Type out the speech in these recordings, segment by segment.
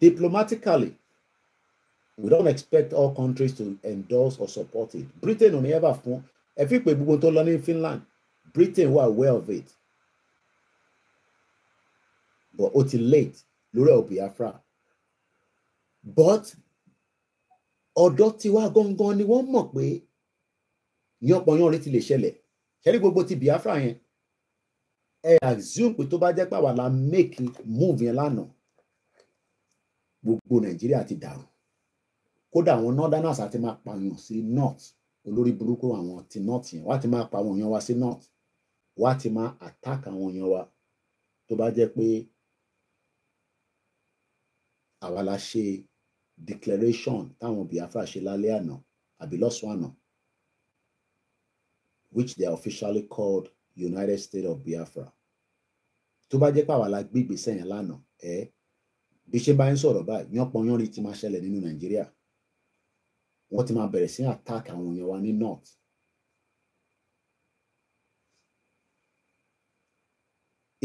Diplomatically, we don't expect all countries to endorse or support it. Britain ò ní ever fún if we go to learn in Finland Britain were aware of it but until ti late lórí ọ̀ Biafra but ọ̀dọ́ tiwa gangan ni wọ́n mọ̀ pé yánpọnyánrin ti lè ṣẹlẹ̀ ṣẹ́rí gbogbo ti Biafra yẹn ẹ assume pé tó bá jẹ́ pàwọ́ la make move yẹn lánàá gbogbo nàìjíríà ti dàrú kódà àwọn northerners àti máa pààyàn sí north olórí burúkú àwọn ti north yẹn wá ti máa pa àwọn èèyàn wa sí north wá ti máa attack àwọn èèyàn wa tó bá jẹ́ pé àwa la ṣe declaration táwọn biafra ṣe lálẹ́ àná àbí lọ́sàn àná which they are officially called United States of Biafra tó bá jẹ́ pé àwa la gbé yẹn lánàá ẹ̀ eh? bí ṣe bá ń sọ̀rọ̀ báyìí yánpọnyánrí ti máa ṣẹlẹ̀ nínú nàìjíríà wọ́n ti máa bẹ̀rẹ̀ sí attack àwọn èèyàn wa ní north.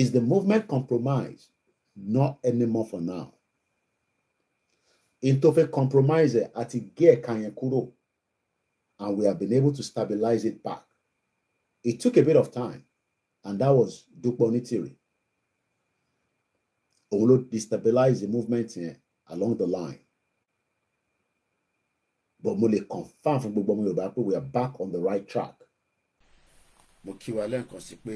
Is the movement compromised? Not anymore for now. In tó fẹ́ compromise ẹ̀ àti gé ẹ̀ka yẹn kúrò and we have been able to stabilize it back. It took a bit of time and that was Dupe Onitiri òun ló destabilize movement yẹn along the line but mo lè confam fún gbogbo ọmọ Yorùbá pé we are back on the right track. mo kí wa lẹ́ǹkan sí pé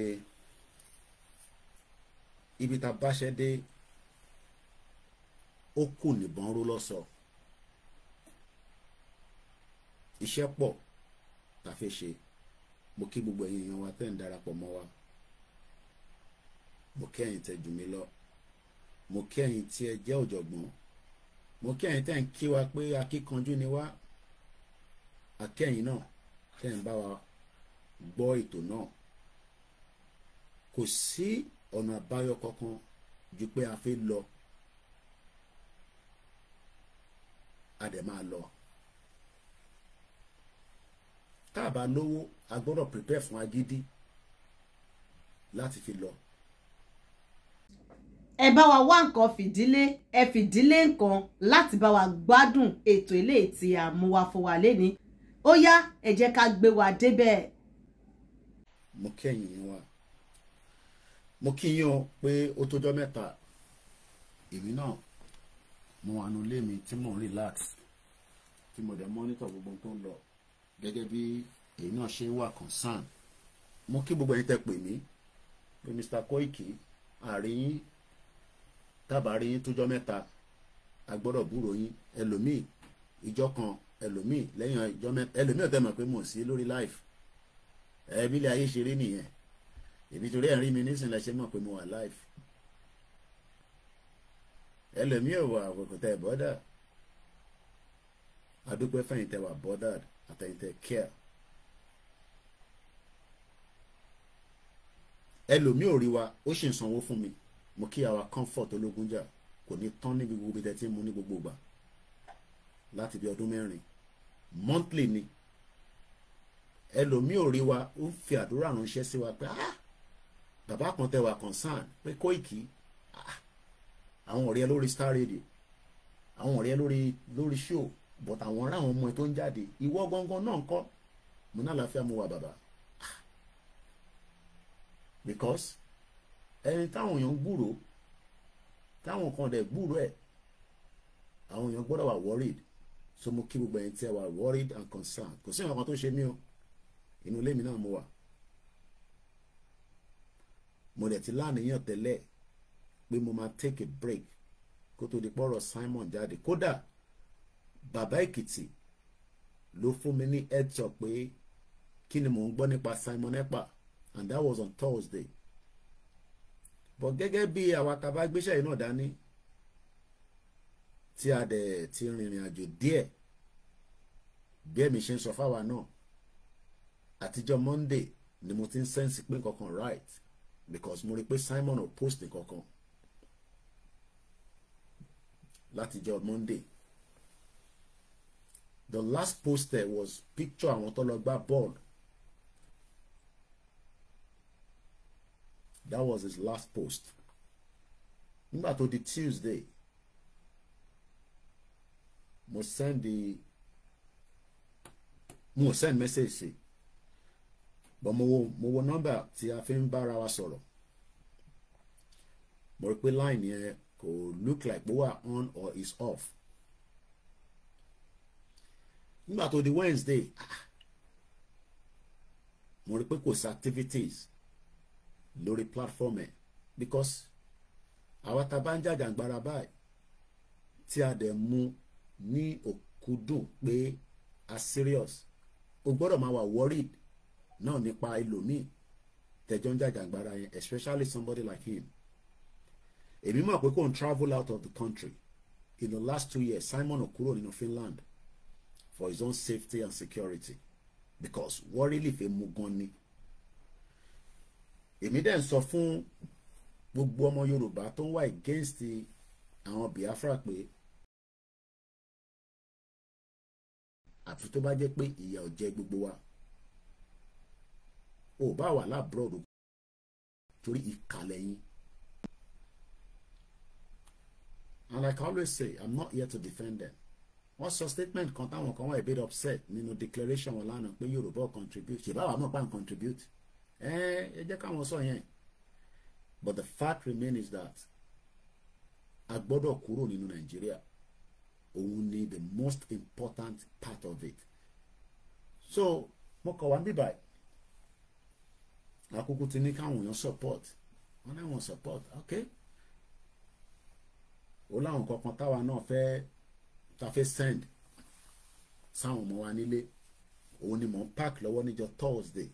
ibi tá a báṣẹ́ dé ó kù níbọn ró lọ́sọ̀ọ́ iṣẹ́ pọ̀ tá a fẹ́ ṣe mo kí gbogbo ẹ̀yin èèyàn wa tẹ́ ń darapọ̀ mọ́ wa mo kẹ́yìn tẹ́ jù mí lọ mo kí ẹ̀yin tí ẹ jẹ́ ọ̀jọ̀gbọ́n mo kí ẹ̀yin tẹ́ ń kí wa pé akíkanjú ni wá akẹ́yìn náà tẹ́ ń bá wa gbọ́ ètò náà kò sí ọ̀nà àbáyọ kankan ju pé a fẹ́ lọ a dẹ̀ máa lọ tá a bá lówó a gbọ́dọ̀ prepare fún agídí láti fi lọ ẹ bá wa wá nǹkan fìdílé ẹ fìdílé nǹkan láti bá wa gbádùn ètò eléyìí tí a mú wá fún wa lénìí ó yá ẹ jẹ́ ká gbé wa débẹ̀. mo kẹ́yìn wa mo kíyàn pé ó tójọ́ mẹ́ta èmi náà mo wà nù lé mi tí mò ń relax tí mo dẹ̀ mọ́nítọ̀ gbogbo tó ń lọ gẹ́gẹ́ bí èyí náà ṣe ń wà concern mo kí gbogbo ẹ̀yin tẹ́ pè mí pé Mr. Koiki àárín yín tábàárí yín tújọ́ mẹ́ta a gbọ́dọ̀ búrò yín ẹlòmíì ìjọ kan ẹlòmíì lẹ́yìn ìjọ mẹ́ta ẹlòmíì ọ̀tẹ̀ mọ̀ pé mò ń sí lórí life ẹ̀ẹ́bí ilé ayé ṣe rí nìyẹn èmi torí ẹ̀rín mi nísìnyí lẹ mọ̀ pé mo wà life ẹlòmíì ò wà àwòkúta ẹ̀ bọ́dà adúpẹ́ fẹ̀yìn tẹ wà bọ́dà àtẹ̀yìn tẹ care ẹlòmíì ò rí wa ó sì ń sanwó fún mi mo kí àwa comfort ológun jà kò ní tán níbi gbogbo ìtẹ́tí mu ní gbogbo ìgbà láti bí ọdún mẹ́rin monthly ni ẹlòmíì ò rí wa ó ń fi àdúrà ránṣẹ́ sí wa pé ah! bàbá kan tẹ wà concern pé Koiki ah àwọn ọ̀rẹ́ lórí star radio àwọn ọ̀rẹ́ lórí lórí show but àwọn ará àwọn ọmọ ẹ tó ń jáde ìwọ gangan náà kọ́ mo ní àlàáfíà mo wà bàbá ah! because ẹni táwọn èèyàn ń gbúrò táwọn kan dẹ̀ gbúrò ẹ̀ àwọn èèyàn gbọ́dọ̀ wà worried so mo kí gbogbo ẹ̀yin tí ẹ wà worried and concerned kò sí nǹkan tó ṣe mí o inú ilé mi náà mo wà mo dẹ̀ ti láàníyàn tẹ́lẹ̀ pé mo máa take a break kó tó di pọ́rọ̀ Simon jáde kódà bàbá Èkìtì ló fún mi ní heads up pé kí ni mò ń gbọ́ nípa Simon Ekpa and that was on Thursday bọ̀ gẹ́gẹ́ bí àwa tá bá gbéṣẹ́ yìí náà dání tí a dẹ̀ ti rìnrìn àjò díẹ̀ bí ẹ̀mí ṣe ń sọ fáwa náà àtijọ́ Monday ni mo ti ń sẹ́ǹsì pé nǹkan right because mo rí pé Simon ò post nǹkan kan látijọ́ Monday the last poster was picture àwọn tó lọ gbá bọ́ọ̀lù that was his last post nígbà to the Tuesday must send the must send message sí but mo wo mo number tí a fi ń bára wa sọ̀rọ̀ mo rí line yẹn kò look like pé on or is off nígbà to the Wednesday ah, mo rí pé activities lórí platform ẹ̀ because àwa ta bá ń jàjàǹgbara báyìí tí a dẹ̀ mú ní òkúdùn pé a serious o gbọ́dọ̀ máa wà worried náà nípa ẹlòmíì tẹ̀jọ́ ń jàjàǹgbara yẹn especially somebody like him èmi mọ̀ pé kò ń travel out of the country in the last two years Simon okuro nínú Finland for his own safety and security because worry lè fẹ́ mú gan ni èmi dẹ̀ ń sọ fún gbogbo ọmọ Yorùbá tó ń wá against àwọn Biafra pé àfi tó bá jẹ́ pé ìyà ò jẹ gbogbo wa ò bá wà lábúròdù torí ìkàlẹ̀ yín. And like I always say, I'm not here to defend them. wọ́n sọ statement kan táwọn kan wà a bit upset nínú declaration wọn lánàá pé Yorùbá contribute ṣèbáwá mọ̀ pa n contribute ẹ eh, ẹ jẹ́ káwọn sọ yẹn but the fact remains is that a gbọ́dọ̀ kúrò nínú nàìjíríà òun ni the most important part of it so mo kọ̀ wá bíbá àkókò ti ní káwọn èèyàn support wọn láwọn support ok ó láwọn kankan táwa náà fẹ́ ta fẹ́ send sáwọn ọmọ wa nílé òun ni mò ń park lọ́wọ́ níjọ́ Thursday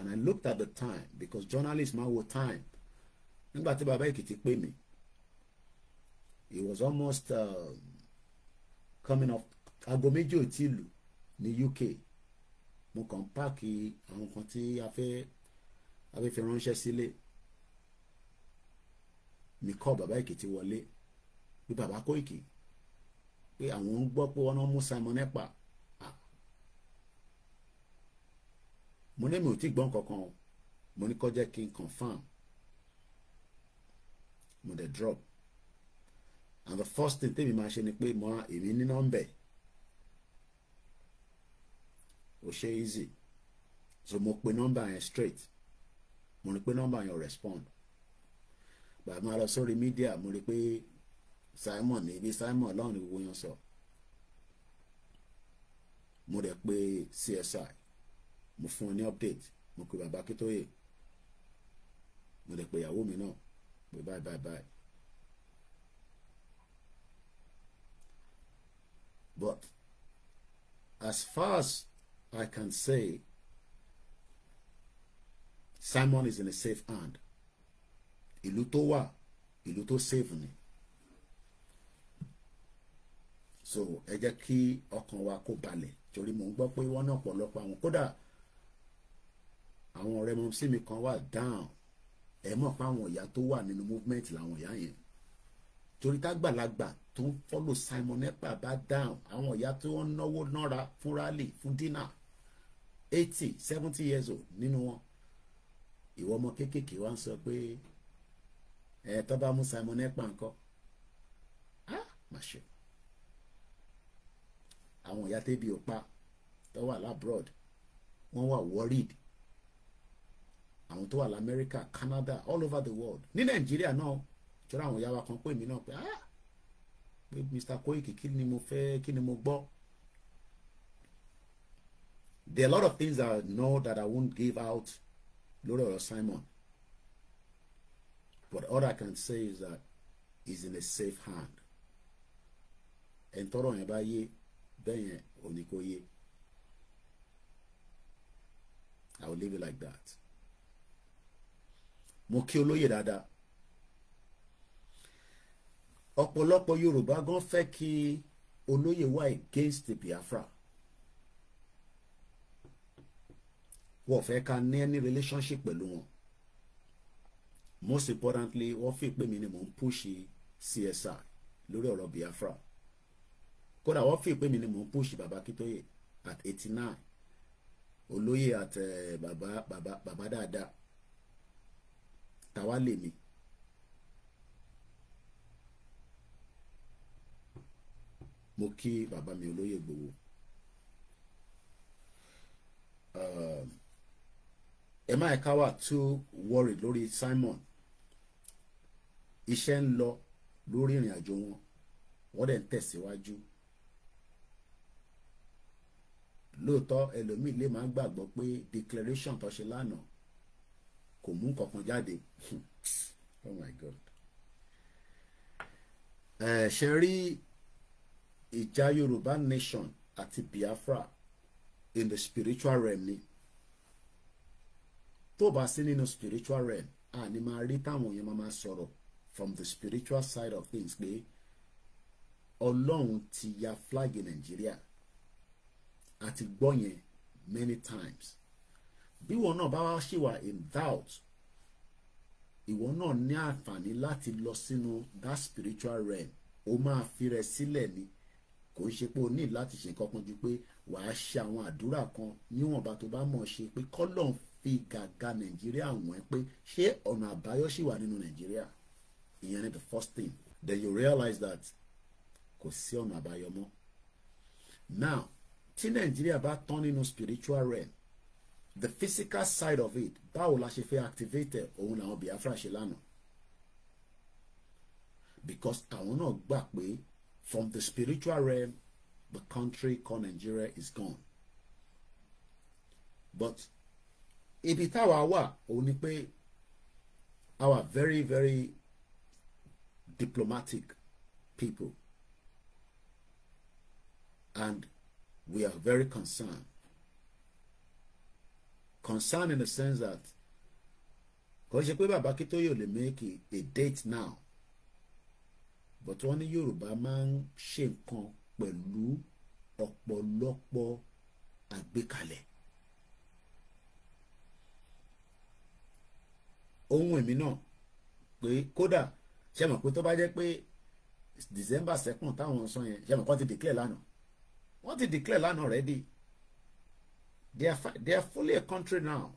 and I looked at the time because journalist máa wo time nígbà tí Baba, Èkìtì pè mí it was almost uh, coming up aago méjì ò tí lù ní UK mo kàn páàkì àwọn kan tí a fẹ́ a fẹ́ fi ránṣẹ́ sílé mi kọ́ Baba, Èkìtì wọlé bí bàbá Kóìkì pé àwọn ń gbọ́ pé wọ́n mú Simon Ekpa mo ní mi ò tí gbọ́n kankan o mo ní kó kí n confirm mo dẹ̀ drop and the first thing tèmi máa ṣe ni pé mo èmi ní nọ́mbẹ̀ ó ṣe easy so mo pe nọ́mbà yẹn straight mo ní pé nọ́mbà yẹn ò respond gbà máa lọ sórí mídíà mo rí pé Simon ní ibi Simon lọ́run ni gbogbo yẹn sọ mo dẹ̀ pe CSI mo fún un ní update mo pe bàbá Akíntóyè mo lè pe ìyàwó mi náà pé báyìí báyìí báyìí but as far as I can say Simon is in a safe hand ìlú tó wà ìlú tó safe ni so ẹ jẹ́ kí ọkàn wa kó balẹ̀ torí mò ń gbọ́ pé wọ́n náà pọ̀lọpọ̀ àwọn kódà àwọn ọ̀rẹ́ mọ̀ sí mi kan wà down ẹ mọ̀ pé àwọn ìyá tó wà nínú movement làwọn ìyá yẹn torí tágbàlagbà tó ń follow Simon Ekpa bá down àwọn ìyá tó ń náwó nára fún rally fún dinner eighty seventy years old nínú wọn ìwọ ọmọ kéékèèké wa ń sọ pé ẹ tó bá mú Simon Ekpa ńkọ́ á má ṣe àwọn ìyá tẹ́bi ò pa tó wà wọ́n wà worried àwọn tó wà lamẹ́ríkà Canada all over the world ní nàìjíríà náà jọ̀rọ̀ àwọn ìyá wa kan pè mí náà pé ah pé Mr. Koiki kí ni mo fẹ́ kí ni mo gbọ́ there are a lot of things I know that I won't give out lórí ọ̀rọ̀ Simon but all I can say is that he's in a safe hand ẹni tọrọ yẹn bá yé bẹ́ẹ̀ yẹn ò ní kó yé I will leave it like that mo kí olóyè dáadáa ọ̀pọ̀lọpọ̀ Yorùbá gan fẹ́ kí olóyè wà against the Biafra wọ́n fẹ́ ká ní any relationship pẹ̀lú wọn most importantly wọ́n fi pé mi ni mò ń púṣì CSI lórí ọ̀rọ̀ Biafra kódà wọ́n fi pé mi ni mò ń púṣì Baba Akintoye at eighty nine olóyè at uh, eh, baba baba baba dáadáa táwa lèmi. mo kí bàbá mi olóyè Ìgbòho um, ẹ má ẹ̀ka wà too worried lórí Simon iṣẹ́ ń lọ lórí ìrìn àjò wọn wọ́n dẹ̀ ń tẹ̀síwájú lóòótọ́ ẹlòmíì lè máa gbàgbọ́ pé declaration tó ṣe lánàá kò mú kankan jáde hmm. oh my god ẹ ṣe rí ìjà Yorùbá nation àti Biafra in the spiritual realm ni tó bá sí nínú spiritual realm a ní máa rí táwọn èèyàn máa sọ̀rọ̀ from the spiritual side of things pé Ọlọ́run ti ya flag Nàìjíríà àti gbọ́ yẹn many times bí wọn náà bá wá ṣì wà in doubt ìwọ náà ní àǹfààní láti lọ sínú that spiritual rain. o máa fi rẹ sílẹ̀ ni kò ń ṣe pé o ní láti ṣe nǹkan kan ju pé wàá ṣe àwọn àdúrà kan níwọ̀nba tó bá mọ̀ ṣe pé kọ́lọ̀ ń fi gàgà nàìjíríà wọ̀n pé ṣé ọ̀nà àbáyọ ṣì wà nínú nàìjíríà ìyẹn ni the first thing then you realize that kò sí ọ̀nà àbáyọ mọ́ now tí nàìjíríà bá tán nínú spiritual rain the physical side of it báwo la ṣe fẹ́ activate ẹ̀ òun làwọn Biafra ṣe lánàá because àwọn náà gbà pé from the spiritual realm the country called Nigeria is gone but ibi táwa wà òun ni pé our very very diplomatic people and we are very concerned concern in the sense that kò ṣe pé bàbá Akíntóyè ò lè make a date now but wọ́n ní Yorùbá máa ń ṣe nǹkan pẹ̀lú ọ̀pọ̀lọpọ̀ àgbékalẹ̀ ohun èmi náà pé kódà ṣe mọ̀ pé tó bá jẹ́ pé December second táwọn sọ yẹn ṣe mọ̀ kán ti declare lánàá wọ́n ti declare lánàá already They are, they are fully a country now,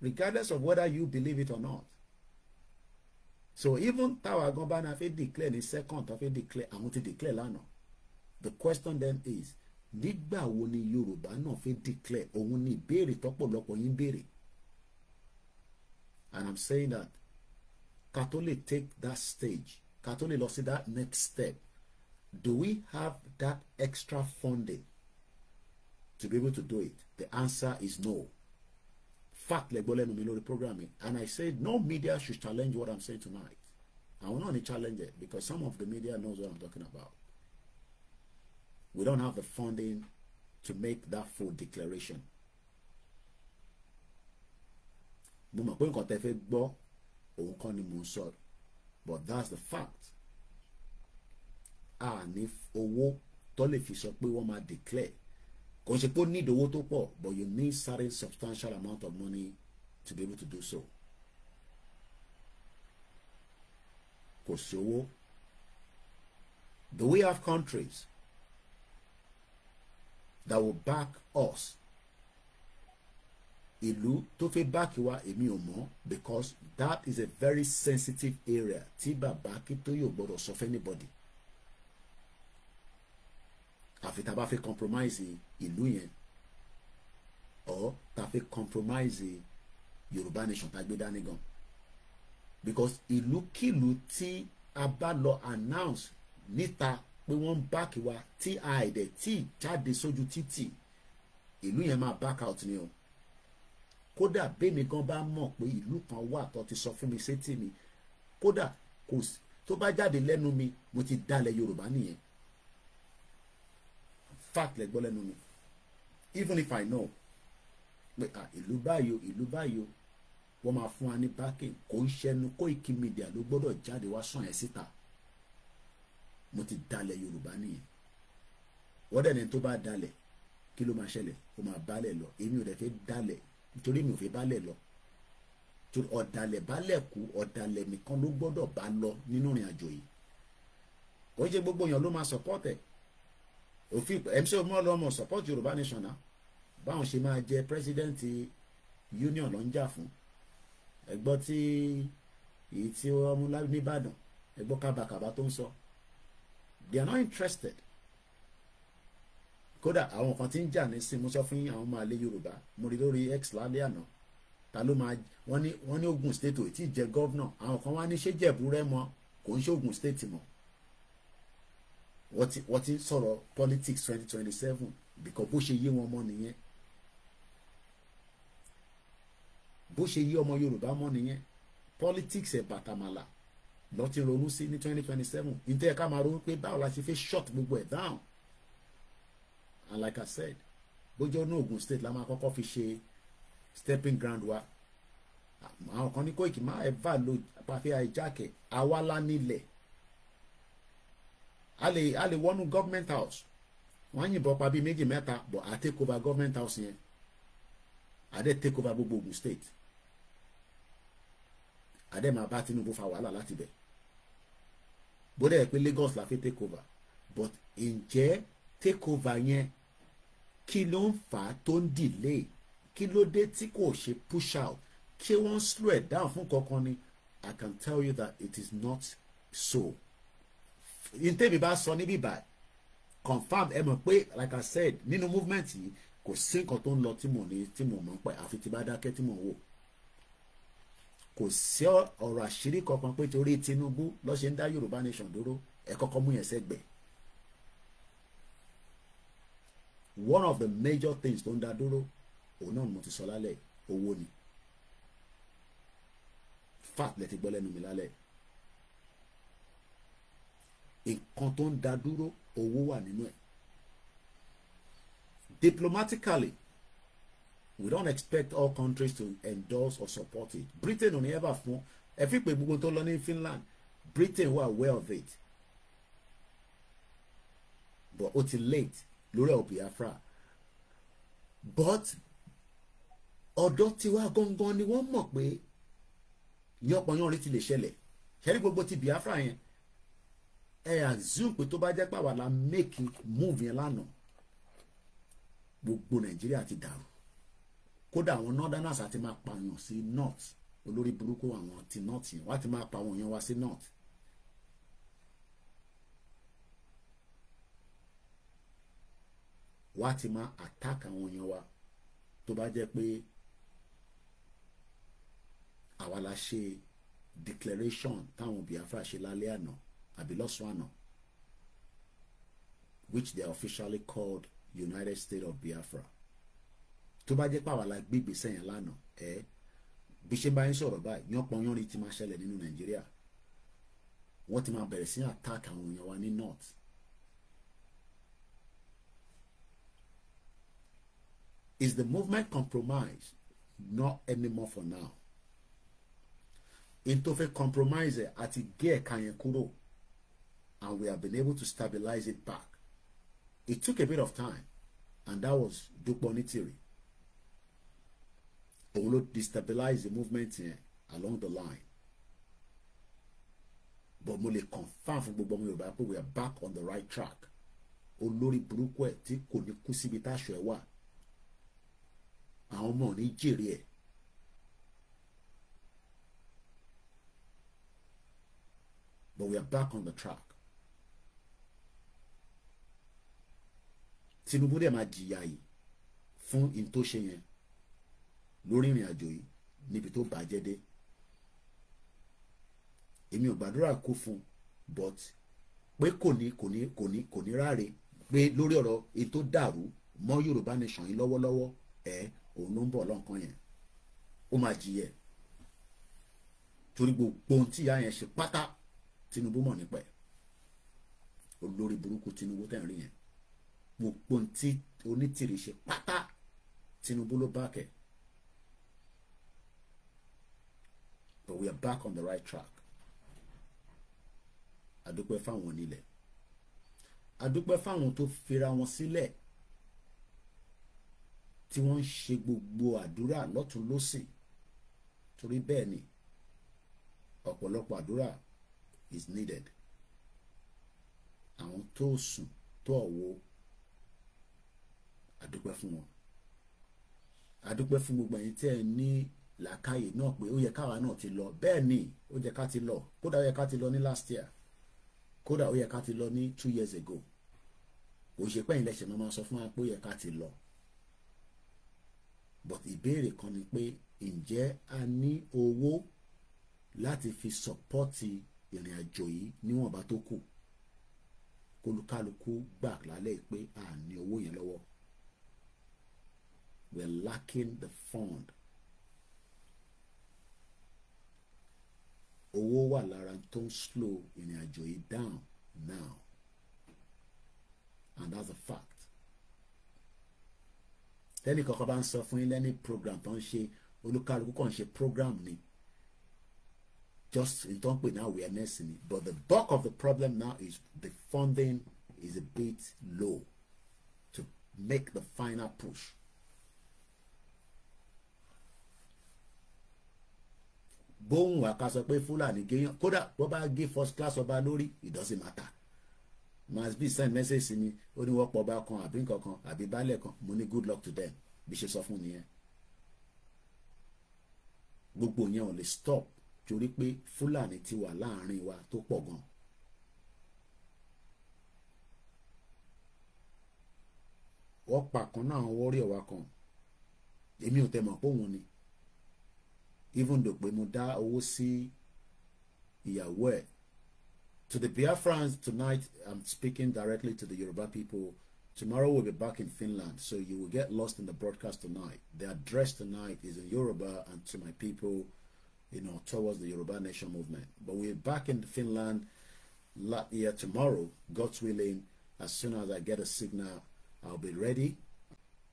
regardless of whether you believe it or not. So even táwa gan bá na fi declare ní second tó fi declare àwọn ti declare lánàá. The question then is nígbà wo ni Yorùbá náà fi declare òun ni ìbéèrè tọ́pọ̀lọpọ̀ yín béèrè. And I'm saying that ká tó take that stage ká tó lè lọ sí that next step do we have that extra funding to be able to do it? The answer is no. Fact lẹ gbọ́ lẹ́nu mi lórí and I said no media should challenge what I'm saying tonight. Àwọn náà ni challenge it because some of the media knows what I'm talking about. We don't have the funding to make that full declaration. Mo mọ̀ pé nǹkan tẹ́ fẹ́ but that's the fact. And if owo tó lè fi sọ pé declare kò ṣe pé ó need owó tó pọ̀ but you need certain substantial amount of money to be able to do so kò sí owó do we have countries that will back us ìlú tó fẹ́ báàkì wa èmi ò mọ̀ because that is a very sensitive area tí bàbá kí tó yóò gbọ́dọ̀ sọ fẹ́ anybody àfi tá a bá fẹ́ compromise ìlú yẹn or tá a compromise yorùbá nation tá a gbé dání gan because ìlúkìlú tí a bá lọ announce níta pé wọ́n ń báàkì wa tí a ẹ̀dẹ̀ tí jáde sójú títì ìlú yẹn máa back out ni o kódà bẹ́ẹ̀mi gan bá mọ̀ pé ìlú kan wà tó ti sọ fún mi sétí mi kódà kò tó bá jáde lẹ́nu mi mo ti dalẹ̀ yorùbá nìyẹn fact lẹ gbọ́ lẹ́nu mi even if i know pé à ìlú báyìí o ìlú báyìí o wọ́n máa fún wa ní backing kò ń ṣẹnu Koiki Media ló gbọ́dọ̀ jáde wá sàn ẹ̀ síta mo ti dalẹ̀ yorùbá nìyẹn wọ́n dẹ̀ ní tó bá dalẹ̀ kí ló máa ṣẹlẹ̀ ó máa balẹ̀ lọ èmi ò dẹ̀ fẹ́ dalẹ̀ nítorí mi ò fẹ́ balẹ̀ lọ torí ọ̀dàlẹ̀ balẹ̀ kú ọ̀dàlẹ̀ nìkan ló gbọ́dọ̀ bá lọ nínú ìrìn àjò yìí kò ń gbogbo èèyàn ló máa support ẹ̀ òfin MC Ọmọlọmọ support Yorùbá nation náà báwọn ṣe máa jẹ president union ló ń jà fún ẹgbọ́n tí èyí tí wọ́n mú nìbàdàn ẹgbọ́n kábàkàbà tó ń sọ they are not interested kódà àwọn kan tí ń jà ní sí mo sọ fún àwọn ọmọ àlè Yorùbá mo rí lórí x lálẹ́ àná ta ló máa wọ́n ní wọ́n ní Ogun State ò tí ì jẹ gọ́vnà àwọn kan wá ní ṣé Jẹ̀bú Rẹ́mọ kò ń ṣe Ogun State mọ́ wọ́n ti wọ́n ti sọ̀rọ̀ politics twenty twenty seven bìkọ́ bó ṣe yé wọn mọ́ nìyẹn bó ṣe yé ọmọ Yorùbá mọ́ nìyẹn politics ẹ̀ bàtàmàlà lọ ti ronú sí ní twenty twenty seven ǹtẹ́ ẹ̀ka máa ronú pé báwo la ṣe fẹ́ short gbogbo ẹ̀ down and like I said bójú ọ̀nà Ògùn state la máa kọ́kọ́ fi ṣe stepping ground wa àwọn kan ní Kóìkì máa ẹ̀ bá lo pàfẹ́ àìjákẹ́ àwa lá nílẹ̀ a lè a lè wọnú government house wọ́n á yìnbọn pa bíi méjì mẹ́ta but i take over government house yẹn i dey take over gbogbo Ogun state i dey máa bá Tinubu fa wàhálà láti bẹ̀ bóde ẹ̀ pé Lagos la fi take over but ǹjẹ́ take over yẹn kí ló ń fà tó ń delay kí ló dé tí kò ṣe push out kí wọ́n slow ẹ̀ down fún kankan ni i can tell you that it is not so yín tèmi bá sọ níbí báyìí confam ẹ mọ̀ pé like I said nínú movement yìí kò sí nǹkan tó ń lọ tí mò ní tí mò mọ̀ pẹ̀ àfi tí bá dákẹ́ tí mò ń wò kò sí ọ̀rọ̀ àṣírí kankan pé torí Tinubu ló ṣe ń dá Yorùbá nation dúró ẹ kọ́kọ́ mú yẹn sẹ́gbẹ̀ẹ́ one of the major things tó ń dá dúró òun náà mo ti sọ lálẹ́ owó ni Fat lẹ ti gbọ́ lẹ́nu mi lálẹ́ yìí nǹkan tó ń da dúró owó wà nínú ẹ̀ diplomatically we don't expect all countries to endorse or support it Britain ò ní ever fún ẹ fi pé gbogbo tó lọ ní Finland Britain were aware of it but ó ti late lórí ọ̀ Biafra but ọ̀dọ́ tiwa gangan ni wọ́n mọ̀ pé yánpọnyánrin ti lè ṣẹlẹ̀ ṣẹ́rí gbogbo ti Biafra yẹn ẹ assume pé tó bá jẹ́ pàwọ́ la make move yẹn lánàá gbogbo nàìjíríà ti dàrú kódà àwọn northerners àti máa pààyàn sí north olórí burúkú àwọn ti north yẹn wá ti máa pa àwọn èèyàn wá sí north. wá ti máa attack àwọn èèyàn wa tó bá jẹ́ pé àwa la ṣe declaration táwọn Biafra ṣe lálẹ́ àná. No àbí lọ́sàn àná which they officially called United States of Biafra tó bá jẹ́ pàwọn alágbègbè sẹ́yìn lánàá ẹ bí ṣe bá ń sọ̀rọ̀ báyìí yánpọn yánrin ti máa ṣẹlẹ̀ nínú Nàìjíríà wọ́n ti máa bẹ̀rẹ̀ sí attack àwọn èèyàn wa ní north Is the movement compromised? Not anymore for now. In tó fẹ́ compromise àti gé ẹ̀ka yẹn kúrò and we have been able to stabilize it back. It took a bit of time, and that was Dupo Nitiri. Òun ló destabilize the movement here along the line. But mo lè from fún gbogbo we are back on the right track. Olórí burúkú ẹ̀ tí kò ní kú síbi táṣọ But we are back on the track. Tinubu dẹ̀ máa jìyà yìí fún in tó ṣe yẹn lórí ìrìn àjò yìí níbi tó bàjẹ́ dé èmi ò gbàdúrà kú fún but pé kò ní kò ní kò ní kò ní ráre pé lórí ọ̀rọ̀ in tó dàrú mọ́ Yorùbá nation yìí lọ́wọ́lọ́wọ́ ẹ̀ òun ló ń bọ̀ lọ́nkàn yẹn ó máa jìyà torí gbogbo ohun tí ìyá yẹn ṣe pátá Tinubu mọ̀ nípa ẹ̀ olórí burúkú Tinubu tẹ̀ ń rí yẹn gbogbo tí onítìrì ṣe pátá Tinubu ló bá kẹ but we are back on the right track adúpẹ́ fáwọn onílẹ̀ adúpẹ́ fáwọn tó fira wọn sílẹ̀ tí wọ́n ń ṣe gbogbo àdúrà lọ́tún lọ́sìn torí bẹ́ẹ̀ ni ọ̀pọ̀lọpọ̀ àdúrà is needed àwọn tó sùn tó ọ̀wọ́ àdúpẹ́ fún wọn àdúpẹ́ fún gbogbo ẹ̀yin tí ẹ ní làákàyè náà pé ó yẹ káwa náà ti lọ bẹ́ẹ̀ ni ó yẹ ká ti lọ kódà ó yẹ ká ti lọ ní last year kódà ó yẹ ká ti lọ ní two years ago òṣèpẹ́ yìí lẹ́sẹ̀ máa sọ fún wa pé ó yẹ ká ti lọ but ìbéèrè kan ni pé ǹjẹ́ a ní owó láti fi sọ̀pọ́tì ìrìn àjò yìí níwọ̀nba tó kù kólúkálukú gbà lálẹ́ pé a ní owó yẹn lọ́wọ́ were lacking the fund owó wà lára tó ń slow ìrìn àjò yìí down now and that's a fact tẹ́lẹ̀ kọ́kọ́ bá ń sọ fún yín lẹ́ni program tó ń ṣe olúkálukú kàn ń ṣe program ni just in tó ń pè ní awareness ni but the bulk of the problem now is the funding is a bit low to make the final push. gbóhùn wá ká sọ pé fúlàní géyàn kódà wọ́n bá gé first class ọba lórí it doesn't matter must be send message sí mi ó ní wọ́n pọ̀ ọba kan àbí nǹkan kan àbí baálẹ̀ kan mo ní good luck to them bí ṣe sọ fún nìyẹn gbogbo yẹn ò lè stop torí pé fúlàní ti wà láàrin wa tó pọ̀ gan. wọ́n pa kan náà wọ́ọ́rì ọ̀wá kan èmi ò tẹ̀ mọ̀ pé òun ni even though pé mo dá owó sí ìyàwó to the Biafrans tonight I'm speaking directly to the Yoruba people tomorrow we'll be back in Finland so you will get lost in the broadcast tonight the address tonight is in Yoruba and to my people you know towards the Yoruba nation movement but we're back in Finland Latvia tomorrow God's willing as soon as I get a signal I'll be ready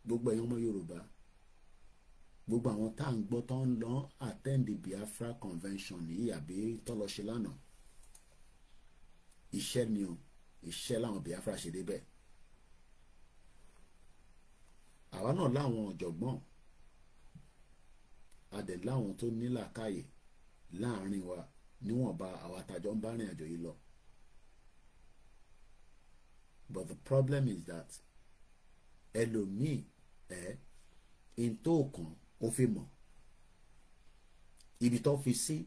gbogbo ẹ̀yin Yorùbá gbogbo àwọn tá à ń gbọ́ tó ń lọ attend the Biafra convention yìí àbí tọ́lọ́ṣe lánàá iṣẹ́ ni o iṣẹ́ làwọn Biafra ṣe débẹ̀ àwa náà láwọn ọ̀jọ̀gbọ́n adẹ̀ láwọn tó ní láàrin wa níwọ̀nba àwa tàjọ ń bá rìn àjò yìí lọ but the problem is that ẹlòmíì ẹ̀ eh, in tó ó fi mọ̀ ibi tó fi sí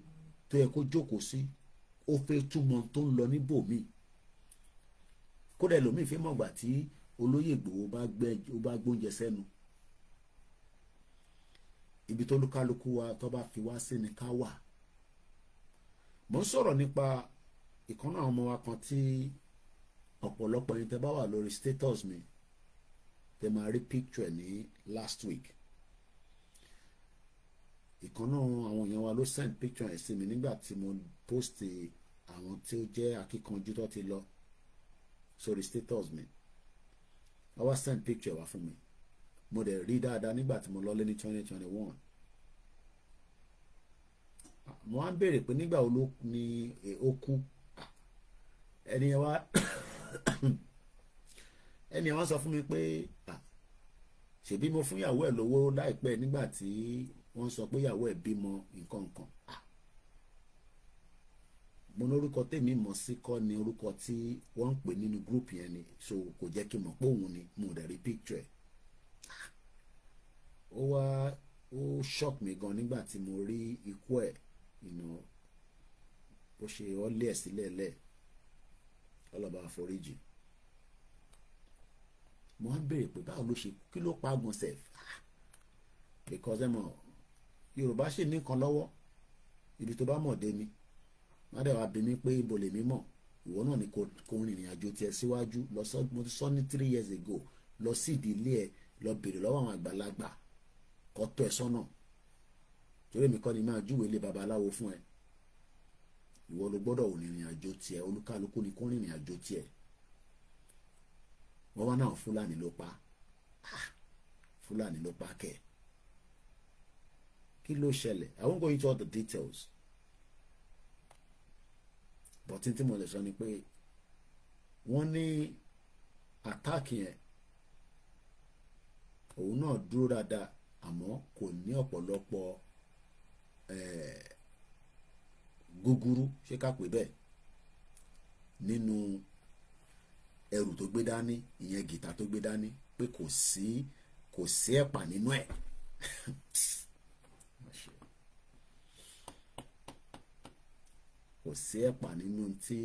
tó yẹ kó jókòó sí ó fẹ́ túmọ̀ tó ń lọ níbòmí kódà ẹlòmíì fi mọ̀gbà tí olóyè Ìgbòho bá gbé ó bá gbóúnjẹ sẹ́nu ibi tó lúkálukú wa tó bá fi wá sí ni ká wà mo ń sọ̀rọ̀ nípa ìkànnà ọmọ wa kan tí ọ̀pọ̀lọpọ̀ yín tẹ́ bá wà lórí status mi tẹ́ máa rí picture ní last week ìkànnà àwọn èèyàn wa ló send picture ẹ̀ sí mi nígbà tí mo post àwọn tí ó jẹ́ akíkanjú tó ti lọ sorry status mi wọ́n wá send picture wá fún mi mo dẹ̀ rí dáadáa nígbà tí mo lọ́lé ní twenty twenty one mo á béèrè pé nígbà wo ló ní ó kú ẹni yẹn wá ẹni yẹn wá sọ fún mi pé ṣèbí mo fún ìyàwó ẹ̀ lówó láìpẹ́ nígbà tí wọ́n sọ pé ìyàwó ẹ̀ bímọ nǹkan kan mo ní orúkọ tèmi mọ̀ sí kọ́ ni orúkọ tí wọ́n ń pè nínú gúrúùpù yẹn ni so kò jẹ́ kí n mọ̀ pé òun ni mo dẹ̀ rí píkítù ẹ̀ ó wá ó shock mi gan nígbà tí mo rí ikú ẹ̀ ìnà bó ṣe ọ́ lé ẹ̀ sílẹ̀ lẹ̀ ọlọ́ba àforíjì mo á béèrè pé báwo ló ṣe kí ló pa á because ẹ mọ̀ yorùbá sì ní nǹkan lọ́wọ́ ibi tó bá mọ̀ dé mi má dẹ̀ wá bí mi pé ibo lèmi mọ̀ ìwọ náà ni kò rìn ìrìn àjò tiẹ̀ síwájú lọ sọ mo ti sọ ní three years ago lọ sí ìdílé ẹ lọ bèrè lọ́wọ́ àwọn àgbàlagbà kó tọ́ ẹ sọ́nà torí mi kọ́ ni máa júwèé lé babaláwo fún ẹ ìwọ ló gbọ́dọ̀ ò rìnrìn àjò tiẹ̀ olúkálukú ni kò rìnrìn àjò tiẹ̀ wọ́n wá náà fúlàní ló pa ah! fúlàní ló pa kẹ́ẹ̀ kí ló ṣẹlẹ̀ I won't go into all the details but tí mo lè sọ ni pé wọ́n ní àtáàkì yẹn òun náà dúró dáadáa àmọ́ kò ní ọ̀pọ̀lọpọ̀ eh, gúgúrú ṣé ká pè bẹ́ẹ̀ nínú ẹrù tó gbé dání ìyẹn gìtá tó gbé dání pé kò sí kò sí ẹ̀pà nínú ẹ̀ kò sí ẹ̀pà nínú tí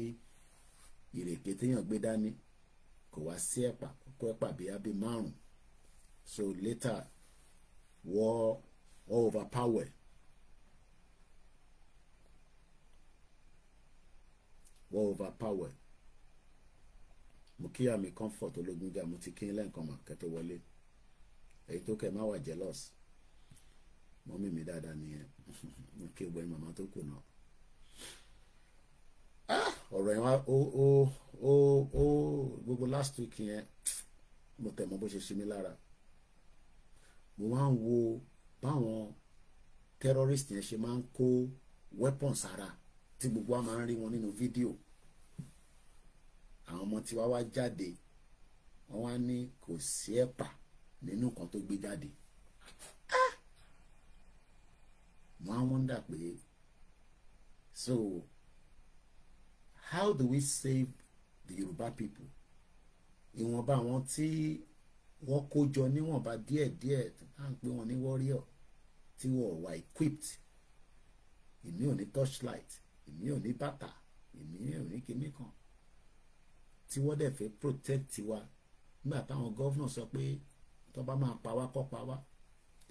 ìrèké téèyàn gbé dání kò wá sí ẹ̀pà kókó ẹ̀pà bíi abí márùn so later war war over power war over power mo kí àmì comfort ológunjà mo ti kí lẹ́ǹkan mà kẹ́tọ́ wọlé èyí tó kẹ́ ẹ má wà jealous mọ́mí mi dáadáa nìyẹn mo kí gbogbo ẹ̀ màmá tó kù náà ọ̀rọ̀ yẹn wá ó ó ó ó gbogbo last week yẹn mo tẹ̀ mọ́ bó ṣe ṣe mí lára mo máa ń wo báwọn terrorist yẹn ṣe máa ń kó weapons ara tí gbogbo wa máa ń rí wọn nínú fídíò àwọn ọmọ tiwa wá jáde wọn wá ní kò sí ẹ̀pà nínú nǹkan tó gbé jáde ah! mo á wọ́n dà pé so how do we save the Yorùbá people ìwọ̀nba àwọn tí wọ́n kó jọ níwọ̀nba díẹ̀díẹ̀ à ń pè wọ́n ní warrior tí wọ́n wà equipped èmi ò ní torchlight èmi ò ní bàtà èmi ò ní kinní kan tí wọ́n dẹ̀ fẹ́ protect wa nígbà táwọn gọ́vnà sọ pé tó bá máa pa wá kọ́ pa wá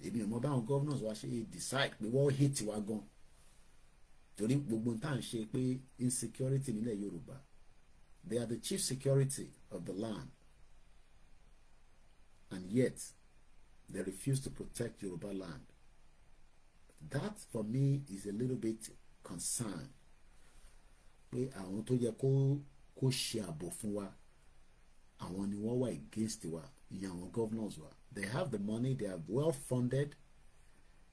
èmi ò mọ báwọn gọ́vnà wa ṣe decide pé wọ́n hate wa gan-an torí gbogbo tá à ń ṣe pé insecurity nílẹ̀ Yorùbá they are the chief security of the land and yet they refuse to protect Yorùbá land that for me is a little bit concern pé àwọn tó yẹ kó kó ṣe ààbò fún wa àwọn ni wọ́n wà against wa ìyẹn àwọn governors wa they have the money they are well funded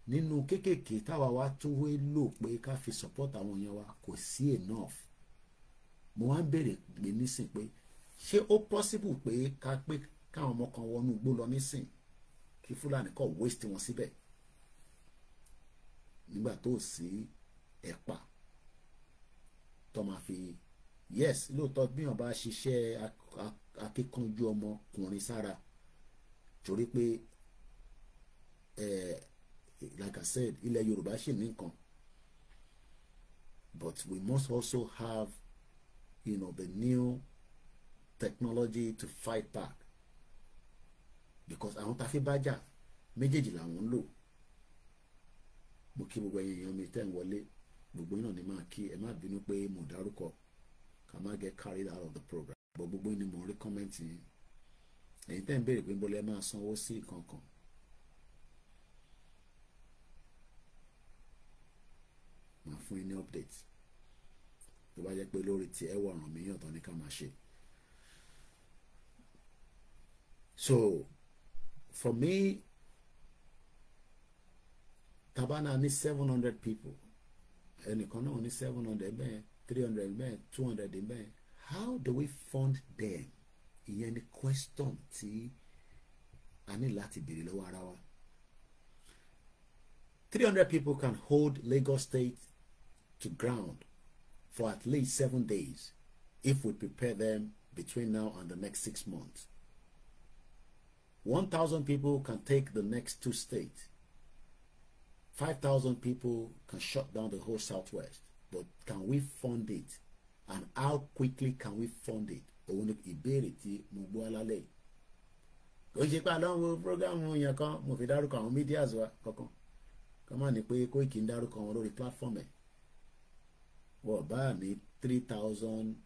nínú kéékèèké táwa wa tún wé lò pé ká fi support àwọn èèyàn wa kò sí enough mo wá ń bèrè pé nísìn pé ṣé ó possible pé ká pé káwọn ọmọ kan wọnú igbó lọ nísìn kí fúlàní kọ̀ waste wọn síbẹ̀ nígbà tó sí ẹ̀pà tó máa fi yes lóòótọ́ bí wọn bá ṣiṣẹ́ akíkanjú ọmọkùnrin sára torí pé ẹ̀ẹ́. Eh, like I said ilẹ̀ Yorùbá ṣì ní but we must also have you know, the new technology to fight back because àwọn tá a fi bá jà méjèèjì làwọn ń lò mo kí gbogbo ẹ̀yin èèyàn mi tẹ́ ń wọlé gbogbo náà ni máa kí ẹ má bínú pé mo dárúkọ ká má get carried out of the program gbogbo yín ni mo rí kọ́mẹ́ǹtì yín ẹ̀yin tẹ́ ń béèrè pé ń bọ́lá máa sanwó sí kankan màá fún yín ní update tó bá jẹ́ pé lórí ti ẹ̀ wọ ọ̀ràn mi yàn tán ní ká máa ṣe. so for me tabana ní seven hundred people ẹnìkan náà ní seven hundred bẹ́ẹ̀ three hundred bẹ́ẹ̀ two hundred bẹ́ẹ̀ how do we fund them ìyẹn ni question tí a ní láti béèrè lọ́wọ́ ara wa. hundred people can hold Lagos State to ground for at least seven days if we prepare them between now and the next six months. 1,000 people can take the next two states. 5,000 people can shut down the whole Southwest. But can we fund it? And how quickly can we fund it? Òun ni ìbéèrè tí mo gbọ́ lálẹ́. Kò ń ṣe pé àlọ́run wo prógámù yẹn kan mo fi dárúkọ àwọn mídíàs wa kankan. Kọ́ máa ní pé Kóìkì ń dárúkọ wọn lórí platform ẹ̀. Well, bá me three thousand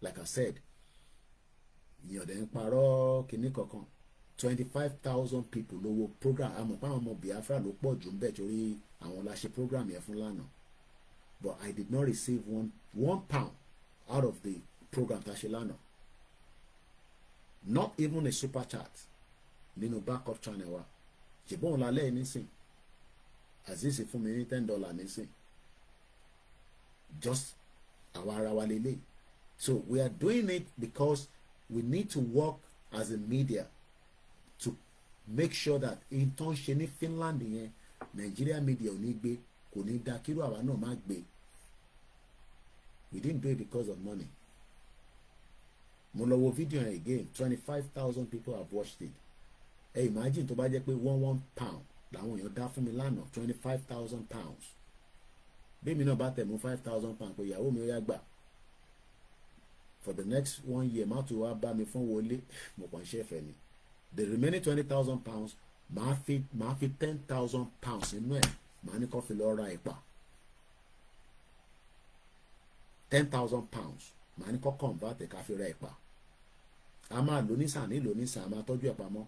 like I said ìyàn dẹ̀ ń parọ́ kínní kankan twenty five thousand people ló program àmọ́ pé àwọn ọmọ Biafra ló pọ̀ jù ń bẹ̀ torí àwọn la ṣe program yẹn fún lánàá but I did not receive one one pound out of the program tá a ṣe lánàá not even a super chat nínú backup channel wa ṣùgbọ́n òun lálẹ́ nísìn Azeez fún mi ní ten dollar nísìn just our ara wa lélẹ̀ so we are doing it because we need to work as a media to make sure that in tó ṣe ní Finland yẹn Nigeria media ò ní gbé kò ní da kíró àwa náà má gbé we didn't do it because of money mo lọ wo video yẹn again twenty five thousand people have watched it ẹ imagine tó bá jẹ́ pé one one pound làwọn èèyàn dá fún mi lánàá twenty five thousand pounds bẹ́ẹ̀mi náà bá tẹ̀ mú five thousand pound pé ìyàwó mi ó yá gbà for the next one year má tó wá bá mi fún wọlé mo kàn ṣe ẹ̀fẹ̀ ni the remaining twenty thousand pounds màá fi màá fi ten thousand pounds inú ẹ̀ màá ní kó fi lọ ra ìpà ten thousand pounds màá ní kó convert ká fi ra ìpà a máa lò nísà nílò nísà a máa tọ́jú ẹ̀ pamọ́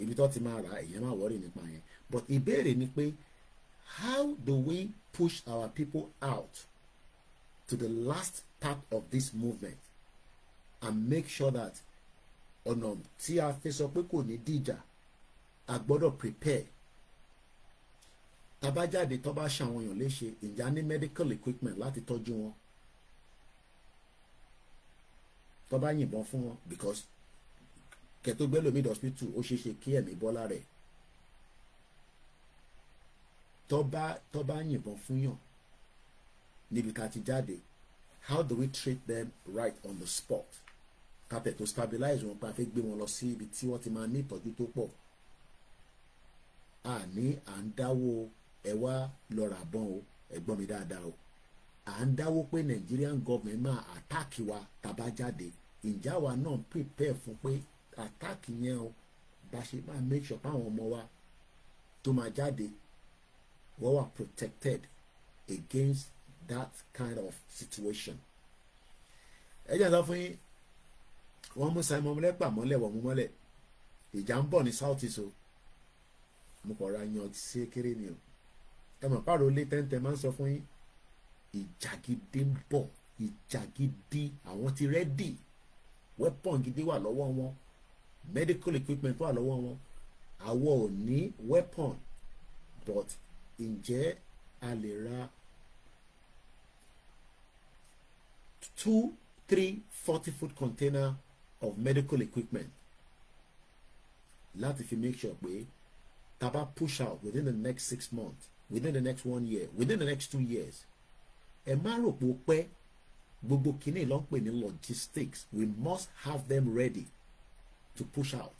ibi tó ti máa ra èèyàn máa wọ́ọ̀rì nípa yẹn but ìbéèrè ni pé How do we push our people out to the last part of this movement and make sure that ọ̀nà tí a fi sọ pé kò ní dìjà a gbọ́dọ̀ prepare tabajade tó bá ṣàwọn èèyàn léṣe ìjà ní medical equipment láti tọ́jú wọn tó bá yìnbọn fún wọn because kẹtọgbẹlòmíd hospital ó ṣeéṣe kí ẹ̀mí bọ́lá rẹ̀ tọ́ba tọ́ba yìnbọn fún yàn níbi tá ti jáde how do we treat them right on the spot kápẹ̀ tó stabilize wọn pa fẹ́ gbé wọn lọ sí ibi tí wọ́n ti máa ní ìtọ́jú tó pọ̀ àní à ń dáwó ẹ wá lọ́ra bọ́n o ẹ̀gbọ́n mi dáadáa o à ń dáwó pé Nigerian government máa àtáàkì wa tàbá jáde ìjà wa náà prepare fún pé àtáàkì yẹn o bá ṣe máa make sure páwọn ọmọ wa tó máa jáde We wà protected against that kind of situation. ẹ jẹ́ àtọ́ fún yín wọ́n mú Simon Ekpa mọ́lẹ̀ wọ́n mú mọ́lẹ̀ ìjà ń bọ̀ ní south east o mo kọ̀ ra yan sí kéré ni o ẹ mọ̀ pàrọ̀ lé tẹ́ńtẹ́ máa ń sọ fún yín ìjà gidi ń bọ̀ ìjà gidi àwọn ti rẹ́dì weapon gidi wà lọ́wọ́ wọn medical equipment wà lọ́wọ́ wọn àwọn ò ní weapon but ǹjẹ́ a lè ra two three forty foot container of medical equipment láti fi make sure pé tá bá push out within the next six months within the next one year within the next two years ẹ má rò pé ó pẹ́ gbogbo kìíní ló ń pè ní logistics we must have them ready to push out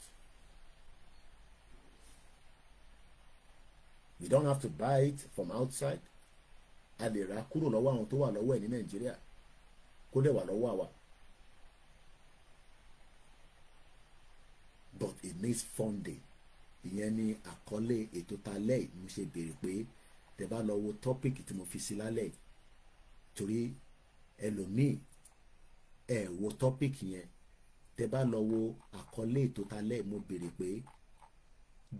you don't have to buy it from outside a lè ra kúrò lọ́wọ́ àwọn tó wà lọ́wọ́ ẹ̀ ní nàìjíríà kó dẹ̀ wà lọ́wọ́ àwa but it needs funding ìyẹn ni àkọlé ètò ta lẹ́yìn mo ṣe béèrè pé tẹ bá lọ wo topic tí mo fi sí lálẹ́ torí ẹlòmíì ẹ wo topic yẹn tẹ bá lọ wo àkọlé ètò ta lẹ́yìn mo béèrè pé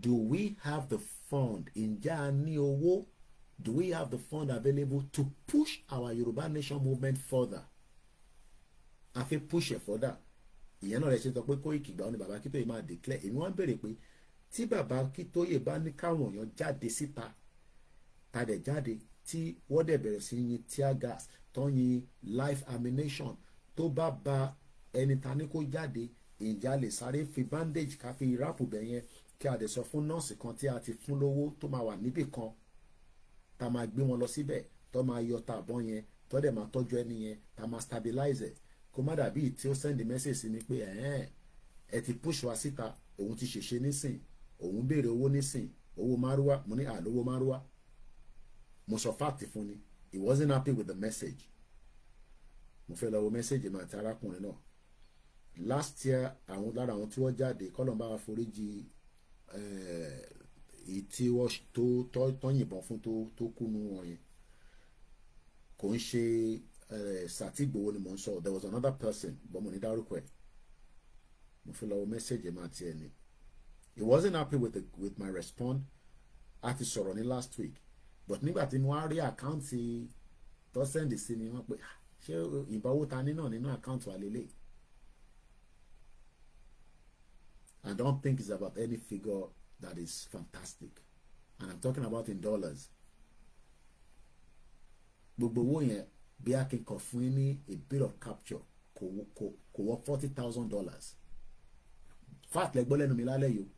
do we have the fund? Ǹjẹ́ a ní owó? Do we have the fund available to push our Yoruba nation movement further? A fi push it further. Ìyẹn náà rẹ̀ ṣe sọ pé Kóìkì ìgbà ni bàbá Kítóyè máa declare. Èmi wá ń béèrè pé tí bàbá Kítóyè bá ní káwọn èèyàn jáde síta, ta dẹ̀ jáde tí wọ́n dẹ̀ bẹ̀rẹ̀ sí yin tear gas tó yin life amination. tó bá ba ẹni ta ní kó jáde ìjà lè sáré fi bandage ká fi rápù bẹ̀ kí a dẹ̀ sọ fún nọ́ọ̀sì kan tí a ti fún lówó tó máa wà níbì kan tá a máa gbé wọn lọ síbẹ̀ tó máa yọ ta àbọ̀n yẹn tó dẹ̀ máa tọ́jú ẹni yẹn tá a máa stabilize kó má dàbí tí ó send message sí ni pé ẹ̀ẹ́n ẹ ti push wa síta òun ti ṣèṣe nísìn òun béèrè owó nísìn owó márúwá mo ní àlówó márúwá mo sọ fact fún ni he wasn't happy with the message mo fẹ́ lọ wo message máa ti arákùnrin náà last year àwọn lára àwọn tí wọ́n jáde kọ́lọ́n bá wa foríjì Eh, èyí tí wọ́n tó tọ́ yìnbọn fún tó kúnú wọn yẹn kò ń ṣe eh, Sàtì ni mò ń sọ there was another person but mo ní dárúkọ ẹ̀ mo fi lọ́wọ́ mẹ́sẹ̀gì máa tiẹ̀ ni he wasn't happy with, the, with my response a ti sọ̀rọ̀ ní last week but nígbà tí mo wá rí àkáǹtì tó sẹ́ndì sí mi wọ́n pé ah, ṣé ìbáwó ta ní náà nínú àkáǹtì wa lélẹ́yìí I don't think it's about any figure that is fantastic. And I'm talking about in dollars. Gbogbo owó yẹn bí a kì í kàn fún yín ní a bit of capture kò kò kò wọ forty thousand dollars. Fat lẹ́gbọ́ lẹ́nu mi lálẹ́ yìí o.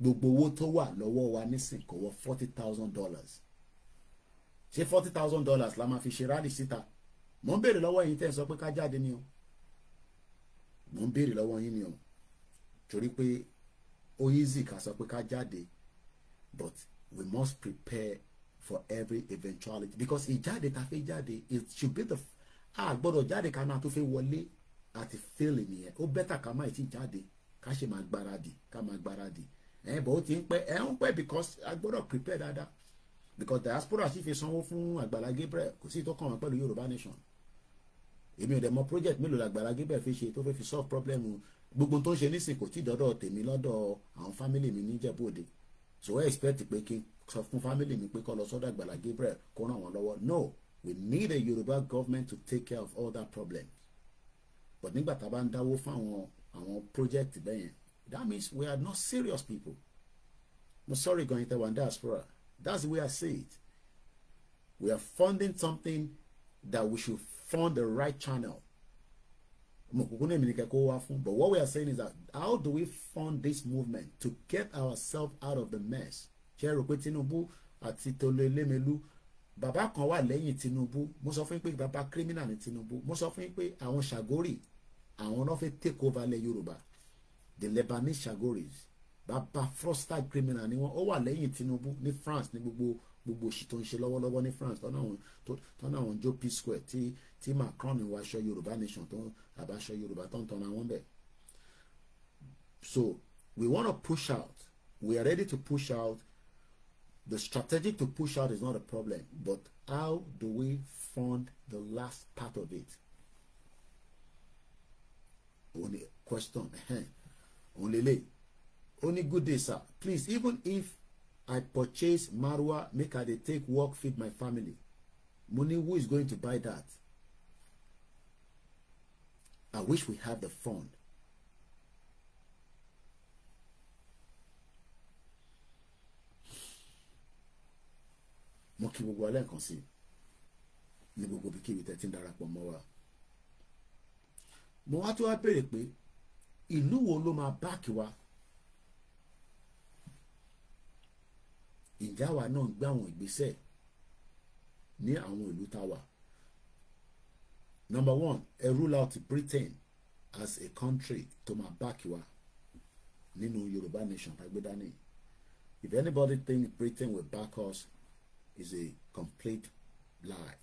Gbogbo owó tó wà lọ́wọ́ wa nísìn kò wọ forty thousand dollars. Ṣé forty thousand dollars la máa fi ṣe rally síta? Mo ń béèrè lọ́wọ́ yín tẹ́ ẹ sọ pé ká jáde ni o. Mo ń béèrè lọ́wọ́ yín ni o torí pé ó easy ká sọ pé ká jáde but we must prepare for every eventuality because ìjáde ta fẹ́ jáde it should be the a gbọ́dọ̀ jáde ká máa tó fẹ́ wọlé àti fail nìyẹn ó bẹ́tà ká máa ti jáde ká ṣe máa gbáradì ká máa gbáradì ẹ̀ bọ̀ ó ti ń pẹ́ ẹ̀ ń pẹ́ because a gbọ́dọ̀ prepare dáadáa because diaspora sì fi sanwó fún Àgbàlá Gabriel kò sí ìtọ́kàn wọn pẹ̀lú Yorùbá nation èmi ò dẹ̀ mọ project mélòó la Àgbàlá Gabriel fi ṣe tó fẹ́ fi solve problem gbogbo tó ń ṣe nísìnyí kò tí ì dọ́dọ̀ tèmi lọ́dọ̀ àwọn fámìlì mi níjẹ̀bú so i expect pé kí n sọ fún fámìlì mi pé kó lọ sọ́dọ̀ Àgbàlá Gabriel kó ràn wọ́n lọ́wọ́ no we need a Yoruba government to take care of all that problem but nígbà tá a bá ń dáwó fún àwọn àwọn project bẹ́yẹn that means we are not serious people mo sorry gan ita wan diaspora that's the way i see it we are funding something that we should fund the right channel But what we are saying is that how do we fund this movement to get ourselves out of the mess? Ṣé ẹ rò pé Tinubu àti Tolu Elémelu bàbá kan wà lẹ́yìn Tinubu mo sọ fún yín pé bàbá criminal ni Tinubu mo sọ fún yín pé àwọn Ṣàgórì àwọn náà fẹ́ take over lẹ̀ Yorùbá the Lebanese Ṣàgórì bàbá frosted criminal ni wọ́n ó wà lẹ́yìn Tinubu ní France ní gbogbo gbogbo òṣì tó ń ṣe lọ́wọ́lọ́wọ́ ní France tọ́nà àwọn jó Peace Square tí tí Macron wọ aṣọ Yorùbá nation tó àbáṣọ Yorùbá tó ń tanra wọn bẹ̀. So we want to push out we are ready to push out the strategy to push out is not a problem but how do we fund the last part of it? Only question Only lay. Only good day sir please even if i purchase marwa make i dey take work feed my family money who is going to buy that i wish we had the fund mo kí gbogbo alẹ́ nǹkan sí ní gbogbo bí kíbi tẹ́tí ń darapọ̀ mọ́ wa mo wá tó wá béèrè pé ìlú wo ló máa báàkì wa. ìjà wa náà gbé àwọn ìgbésẹ̀ ní àwọn ìlú tá a wà number one ẹ rule out Britain as a country to my back wa nínú Yorùbá nation tá a gbé dání if anybody thinks Britain will back us is a complete lie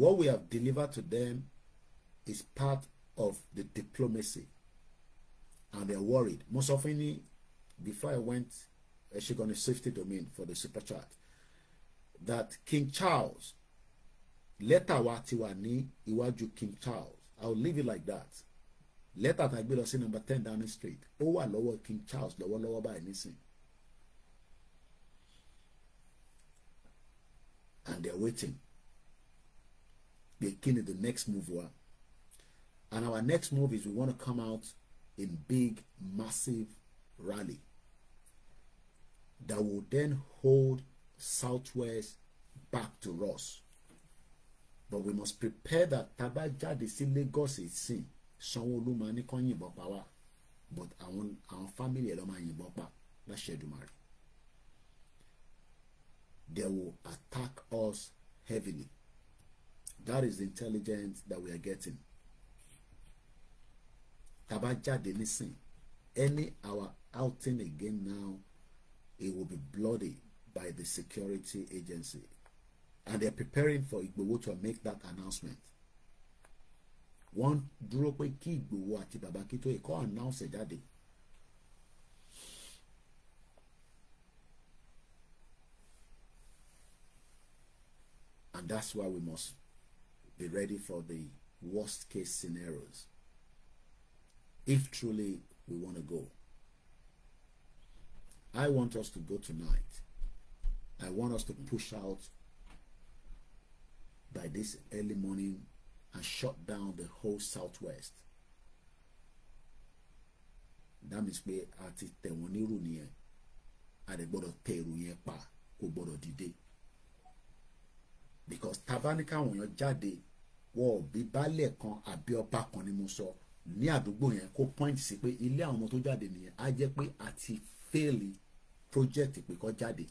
what we have delivered to them is part of the diplomacy and they are worried most often before I went Eshigoni's safety domain for the super chat that King Charles letter wa ti wà ní iwájú King Charles I'll leave it like that Letter that a gbé lọ sí number ten Downing Street ó wà lọ́wọ́ King Charles Lower lower by anything. and they're waiting pé kí ni the next move wa and our next move is we want to come out in big massive rally that will then hold southwest back to us but we must prepare that taba jáde sí Lagos ìsìn Sanwó-Olú máa ní kán yìnbọn pa wá but àwọn àwọn family ẹ̀ lọ́ máa yìnbọn pa láṣẹ Èdùmàrè they will attack us heavily that is the intelligence that we are getting taba jáde nísìn any our outing again now it will be bloody by the security agency. And they're preparing for Igboho to make that announcement. Wọ́n dúró pé kí Igboho àti Baba Akintoye kó announce jáde. And that's why we must be ready for the worst case scenarios if truly we want to go. I want us to go tonight. I want us to push out by this early morning and shut down the whole southwest. That means pé a ti tẹ̀ wọ́n nírò nìyẹn. A lè gbọ́dọ̀ tẹ èrò yẹn pa kò gbọ́dọ̀ dìde. Because tabanika àwọn èèyàn jáde wọ́n ò bí baálẹ̀ kan àbí ọba kan ni mo sọ ní àdúgbò yẹn kó point sí pé ilé àwọn ọmọ tó jáde nìyẹn á jẹ́ pé a ti Fairly project pé kó jáde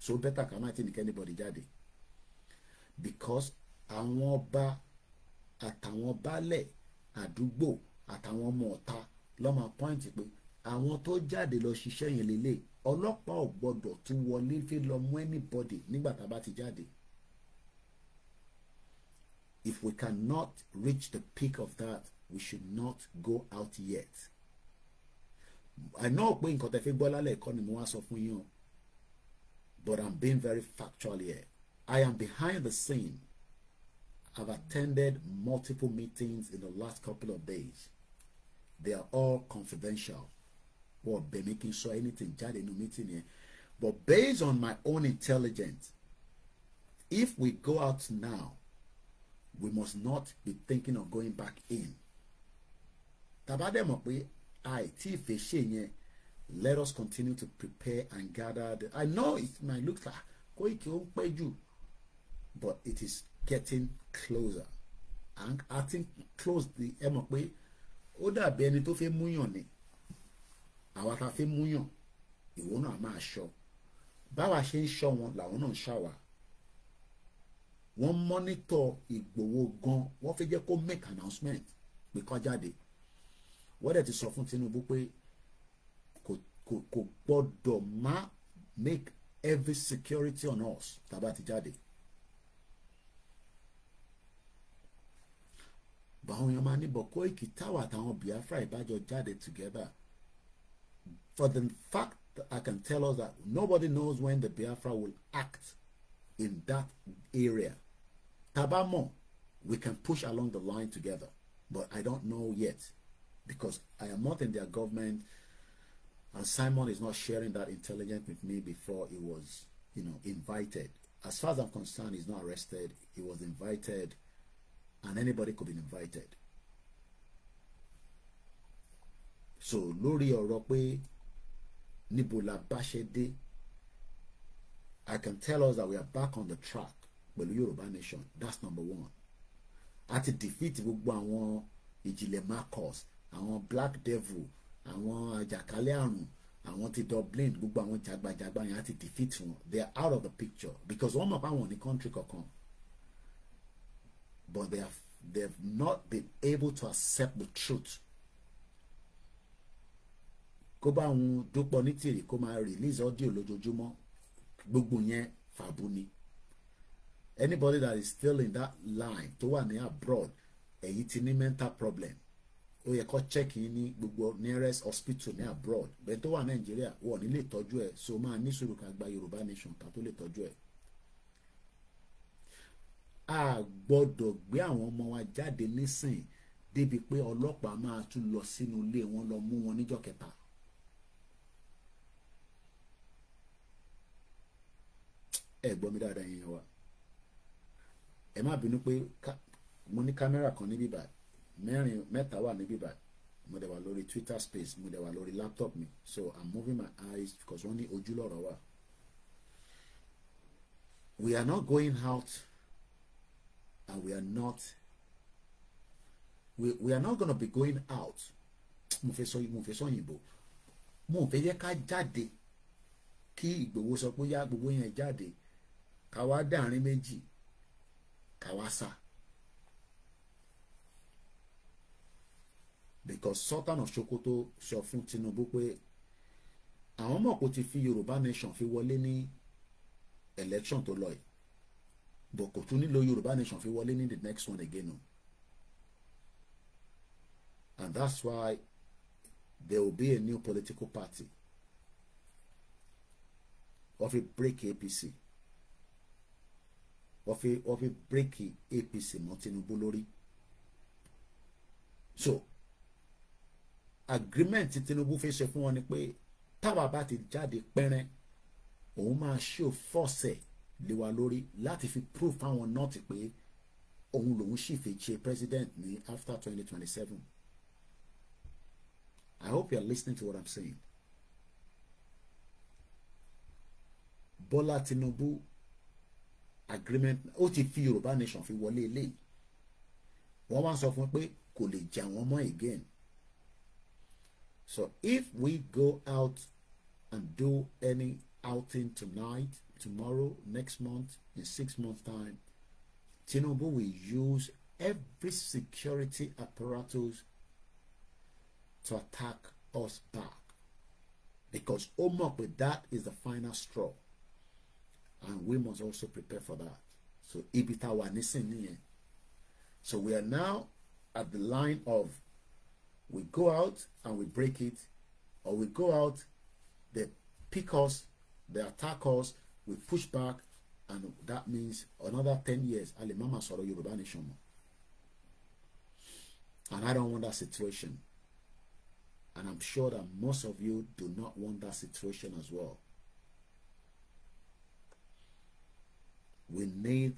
so better ká má ti ní kẹ́nìbọ̀dì jáde because àwọn ọba àtàwọn baálẹ̀ àdúgbò àtàwọn ọmọ ọ̀ta lọ́mọ pọ́ìntì pé àwọn tó jáde lọ ṣiṣẹ́ yẹn lélẹ̀ ọlọ́pàá ò gbọ́dọ̀ tún wọlé fi lọ mú anybody nígbà tá a bá ti jáde. If we cannot reach the peak of that, we should not go out yet àná pé nǹkan tẹ́ fi gbọ́ lálẹ́ ẹ̀kọ́ ni mo wá sọ fún yín o but I'm being very factual here I am behind the scene I've attended multiple meetings in the last couple of days they are all confidential wọ́n bẹ̀ mí kí n sọ anything jáde nínú meeting yẹn but based on my own intelligence if we go out now we must not be thinking of going back in tàbá dẹ̀ mọ̀ pé I ìfẹ́ ṣe yẹn let us continue to prepare and gather the i know it might look like ah, Koiki ó ń pẹ́ jù but it is getting closer and i think close the ẹ Oda be ó dàbí ẹni tó fẹ́ múyàn ni àwa ta fẹ́ múyàn ìwọ náà máa ṣọ́ báwa ṣe ń ṣọ́ wọn làwọn náà ń ṣàwà wọ́n mọ́nítọ̀ Ìgbòho gan wọ́n fẹ́ jẹ́ kó make announcement pé kó jáde wọ́n dẹ̀ ti sọ fún Tinubu pé kò kò kò gbọ́dọ̀ má make every security on us tàbá ti jáde. báwọn èèyàn máa ní bọ̀ Koiki táwọn àtàwọn Biafra ìbájọ jáde together for the fact I can tell us that nobody knows when the Biafra will act in that area tàbá we can push along the line together but I don't know yet because I am not in their government and Simon is not sharing that intelligence with me before he was you know invited as far as I'm concerned he's not arrested he was invited and anybody could be invited so lórí ọ̀rọ̀ Nibula níbo I can tell us that we are back on the track pẹ̀lú Yorùbá nation that's number one a ti defeat gbogbo àwọn ìjìnlẹ̀ Marcus àwọn black devil àwọn àjàkálẹ̀ àrùn àwọn ti Dublin gbogbo àwọn jagbajagba yẹn á ti defeat wọn they are out of the picture because wọ́n mọ̀ pé àwọn ní country kankan but they have they have not been able to accept the truth kó bá wọn dúpọ̀ ní tìrì kó máa release audio lójoojúmọ́ gbogbo yẹn fàbú ni anybody that is still in that line tó wà ní abroad èyí ti ní mental problem ó yẹ kó check in ní gbogbo nearest hospital ní abroad bẹ́ẹ̀ tó wà nàìjíríà wọ́n ní lè tọ́jú ẹ̀ so máa ní sùúrù ká gba yorùbá nation ká tó lè tọ́jú ẹ̀. a gbọ́dọ̀ gbé àwọn ọmọ wa jáde nísìn débi pé ọlọ́pàá máa tún lọ sínú ilé wọn lọ mú wọn níjọ́ kẹta. ẹ gbọ́ mi dáadáa yẹn wa ẹ má bínú pé mo ní kámẹ́rà kan níbí báyìí mẹ́rin mẹ́ta wà níbí báyìí mo dẹ̀ wà lórí Twitter space mo dẹ̀ wà lórí laptop mi so I'm moving my eyes because wọ́n ní ojú lọ́rọ̀ wà. We are not going out and we are not we, we are not gonna be going out mo fẹ́ sọ mo fẹ́ sọ òyìnbó mo fẹ́ yẹ ká jáde kí Ìgbòho sọ pé yá gbogbo yẹn jáde ká dáàrin méjì ká sá. because Sultan of Sokoto sọ fún Tinubu pé àwọn mọ̀ kó ti fi Yorùbá nation fi wọlé ní election tó lọ yìí but kò tún nílò Yorùbá nation fi wọlé ní the next one again o and that's why there will be a new political party of a break APC of a of a break APC mọ́ Tinubu lórí so agreement tí Tinubu fẹ́ ṣe fún wọn ni pé táwa bá ti jáde pẹ́rẹ́n òun máa ṣe ò fọ́ọ̀sẹ̀ lé wa lórí láti fi proof fáwọn náà ti pé òun lòun sì fi ṣe president ní after twenty twenty seven I hope you are listening to what I am saying. Bọ́lá Tinubu agreement ó ti fi Yorùbá nation fi wọlé eléyìí wọ́n wá sọ fún pé kò lè jà wọ́n mọ́ again So if we go out and do any outing tonight, tomorrow, next month, in six months' time, Tinubu will use every security apparatus to attack us back because ó mọ̀ that is the final straw and we must also prepare for that so ibita tá so we are now at the line of we go out and we break it or we go out they pick us they attack us we push back and that means another ten years Ali mama soro máa sọ̀rọ̀ nation and I don't want that situation and I'm sure that most of you do not want that situation as well we need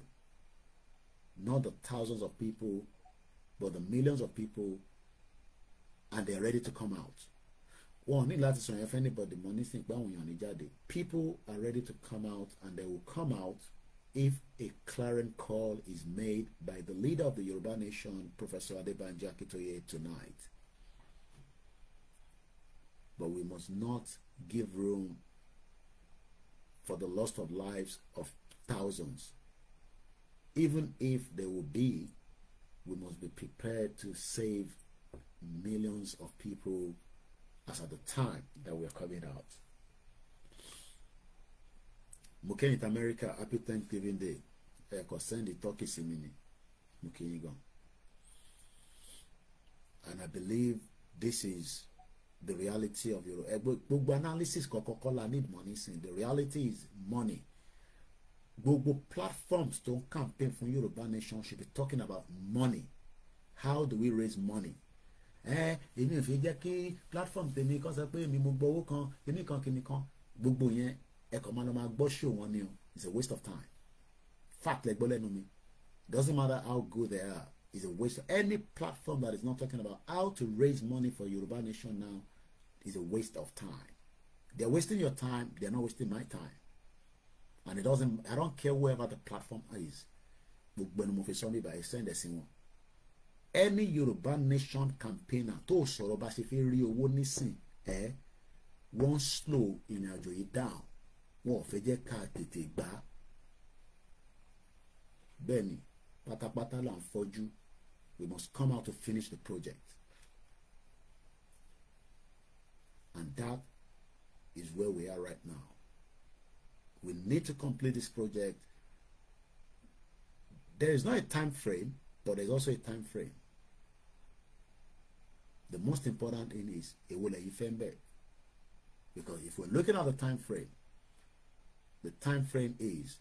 not the thousands of people but the millions of people and they are ready to come out One in ní láti anybody money nísìnyí pé people are ready to come out and they will come out if a clarion call is made by the leader of the Yoruba nation, Professor Adebanji Akintoye, tonight. But we must not give room for the loss of lives of thousands. Even if there will be, we must be prepared to save millions of people as at the time that we are coming out. Mukent America, happy Thanksgiving Day. Ẹ send the turkey sí mi ni. And I believe this is the reality of Yoruba. Book analysis Coca Cola need money sin. The reality is money. Gbogbo platforms tó campaign fún Yoruba nation should be talking about money. How do we raise money? èmi ò fi jẹ́ kí platform tèmi kan sọ pé èmi mo gbọ́ owó kan kíní kan kíní kan gbogbo yẹn ẹ kàn máa lọ máa gbọ́ show wọn ni o it's a waste of time fact lẹ gbọ́ lẹ́nu mi doesn't matter how good they are it's a waste of any platform that is not talking about how to raise money for Yoruba nation now is a waste of time they're wasting your time they're not wasting my time and it doesn't I don't care whoever the platform is gbogbo ẹni mo fi sọ mi báyìí send ẹ sí wọn any Yorùbá nation campaigner tó sọ̀rọ̀ bá ṣe fi rí owó nísìn ẹ̀ wọ́n slow ìrìnàjò yìí down wọn ò fẹ́ jẹ́ ká tètè gbà á bẹ́ẹ̀ ni pátápátá là ń fọ́jú we must come out to finish the project and that is where we are right now we need to complete this project there is not a time frame but there is also a time frame the most important thing is èwo lẹ́yìn fẹ́ ń bẹ̀ because if we're looking at the time frame the time frame is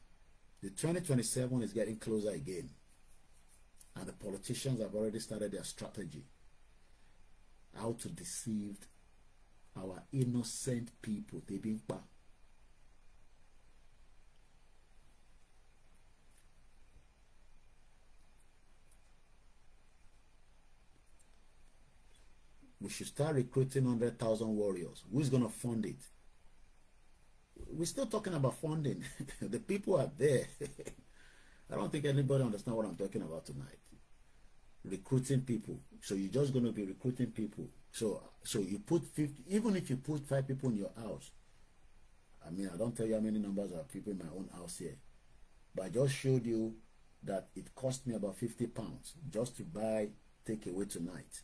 the 2027 is getting closer again and the politicians have already started their strategy how to deceive our innocent people they've been back. we should start recruiting 100,000 warriors. Who's going to fund it? We're still talking about funding. the people are there. I don't think anybody understands what I'm talking about tonight. Recruiting people. So you're just going to be recruiting people. So so you put 50, even if you put five people in your house, I mean, I don't tell you how many numbers of people in my own house here. But I just showed you that it cost me about 50 pounds just to buy takeaway tonight.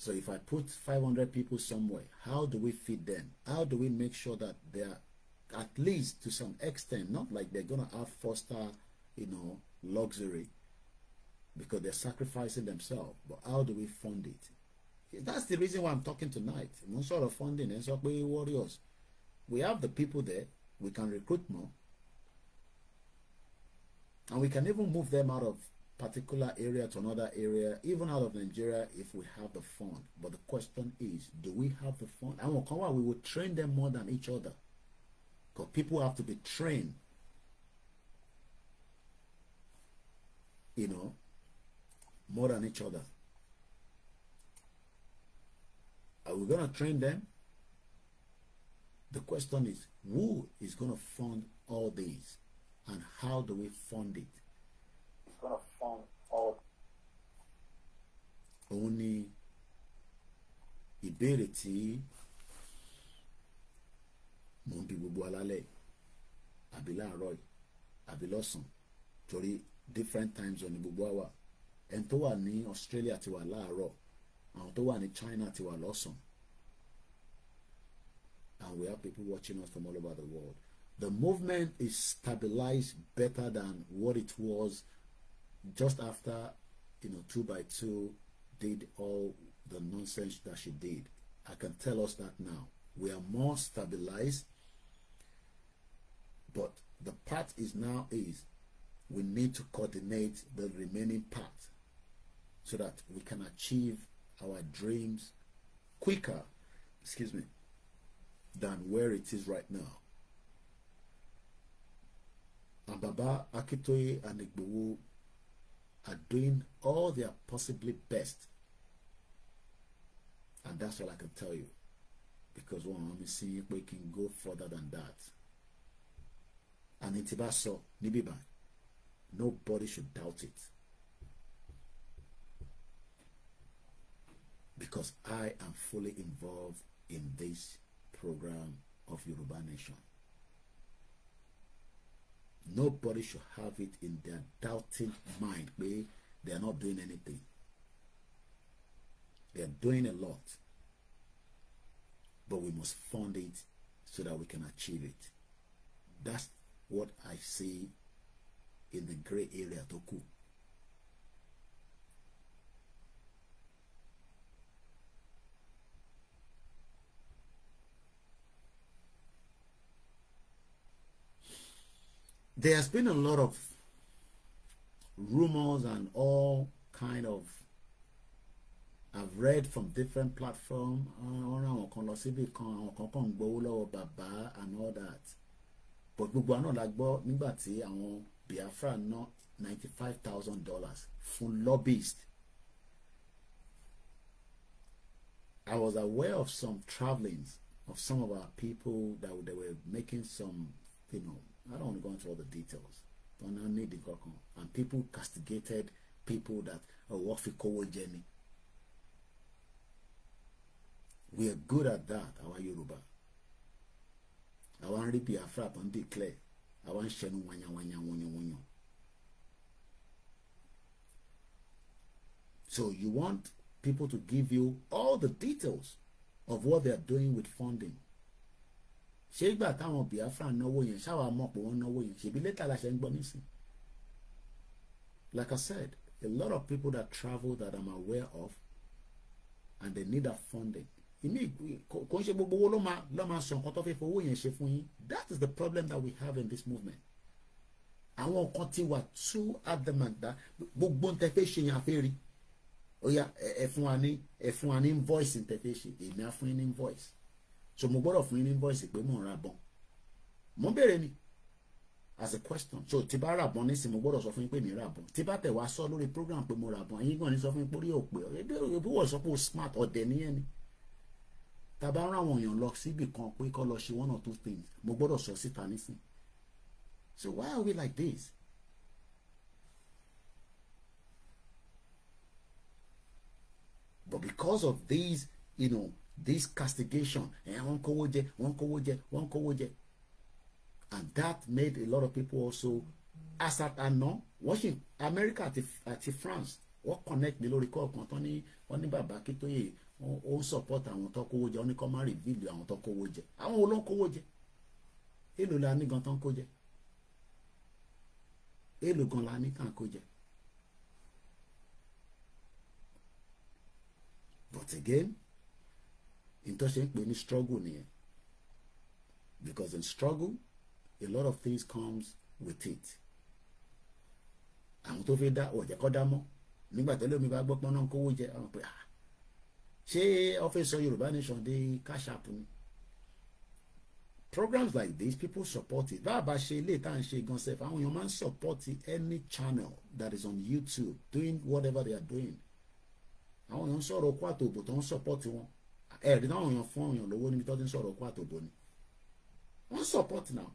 So if I put 500 people somewhere, how do we feed them? How do we make sure that they are at least to some extent, not like they're going to have foster, you know, luxury because they're sacrificing themselves, but how do we fund it? That's the reason why I'm talking tonight. No sort of funding, and so we warriors. We have the people there, we can recruit more, and we can even move them out of particular area to another area even out of Nigeria if we have the fund but the question is do we have the fund àwọn kan wà we will train them more than each other because people have to be trained you know more than each other are we gonna train them the question is who is gonna fund all these and how do we fund it òun ni ìbéèrè tí mò ń bi gbogbo alálẹ̀ àbí láàárọ̀ yìí àbí lọ́sàn-án torí different time zone ni gbogbo àwa ẹni tó wà ní Australia ti wà láàárọ̀ àwọn tó wà ní China ti wà lọ́sàn-án and we have people watching us from all over the world the movement is stabilized better than what it was just after you know two by two did all the nonsense that she did. I can tell us that now. We are more stabilized, but the part is now is we need to coordinate the remaining part so that we can achieve our dreams quicker, excuse me, than where it is right now. And Baba Akitoye and are doing all their possibly best. And that's all I can tell you. Because one, rán mi sí pé kí n go further than that. And in bá sọ nobody should doubt it. Because I am fully involved in this program of Yoruba Nation nobody should have it in their doubting mind pé they are not doing anything they are doing a lot but we must fund it so that we can achieve it that's what I see in the grey area tó kù. there has been a lot of rumors and all kind of I've read from different platforms and all that but we àná not like nígbà tí àwọn Biafra ná ninety five thousand dollars for lobbyist I was aware of some travelings of some of our people that they were making some you know, I don't want to go into all the details. Don't I need the kan. And people castigated people that owó fi kówó journey. We are good at that, our Yoruba. Àwa ń rí Biafra tó ń declare. Àwa wanya ṣẹnu wanyawanya wọnyọwọnyọ. So you want people to give you all the details of what they are doing with funding ṣé ìgbà táwọn Biafra náwó yẹn ṣáwa mọ̀ pé wọ́n náwó yẹn ṣèbí létà la ṣe ń gbọ́ nísìn like I said a lot of people that travel that I'm aware of and they need that funding ìmí kò ń ṣe gbogbo owó ló máa ló máa sọ nǹkan tó fẹ́ fowó yẹn ṣe fún yín that is the problem that we have in this movement àwọn kan ti wà too adamant that gbogbo ń tẹ́ fẹ́ ṣe yẹn àfẹ́ rí ó yá ẹ fún wa ní ẹ wa ní invoice ń tẹ́ fẹ́ ṣe èmi á fún yín ní invoice so mo gbọ́dọ̀ fún yín ní invoice pé mò ń ra bọn mo ń ni as a question so tí bá ra bọn nísìnyí mo gbọ́dọ̀ sọ fún yín pé mi ra bọn tí bá tẹ̀ wá sọ lórí program pé mo ra bọn ẹ̀yin gan ni sọ fún yín pé orí òpè ẹgbẹ́ ìbúwọ̀ sọ o smart ọ̀dẹ̀ nìyẹn ni tá a bá rán àwọn èèyàn lọ síbì kan pé kọ́ lọ ṣe one or two things mo gbọ́dọ̀ sọ síta nísìnyí so why are we like this? But because of these, you know, this castigation and eh, wọ́n kówó jẹ wọ́n kówó jẹ and that made a lot of people also as at àná wọ́n America àti àti France wọ́n connect mi lórí kọ́ọ̀kan tán ní wọ́n ní bàbá Akíntóyè ó ń support àwọn tó kówó jẹ ó ní kó má reveal àwọn tó kówó jẹ àwọn wo ló ń kówó jẹ èlò la ní gan tán kó jẹ èlò gan la ní tán kó jẹ but again nítorí wọ́n ṣe ń pè ní struggle nìyẹn because in struggle a lot of things comes with it àwọn tó fi dá ọ̀jẹ̀ kọ́ dá mọ́ nígbà tẹ́lẹ̀ omi bá gbọ́ pọ́n náà kówó jẹ àwọn pé ah ṣé ọ́fíìsì Yorùbá nation dé cash app ni programs like this people support it bá a bá ṣe ilé tá à ń ṣe gan sef àwọn èèyàn máa ń support any channel that is on YouTube doing whatever they are doing àwọn èèyàn ń sọ̀rọ̀ kó àtòbò tó ń support wọn ẹ̀rí táwọn èèyàn fún èèyàn lówó níbi tó ti ń sọ̀rọ̀ kó àtòbó ni wọ́n support now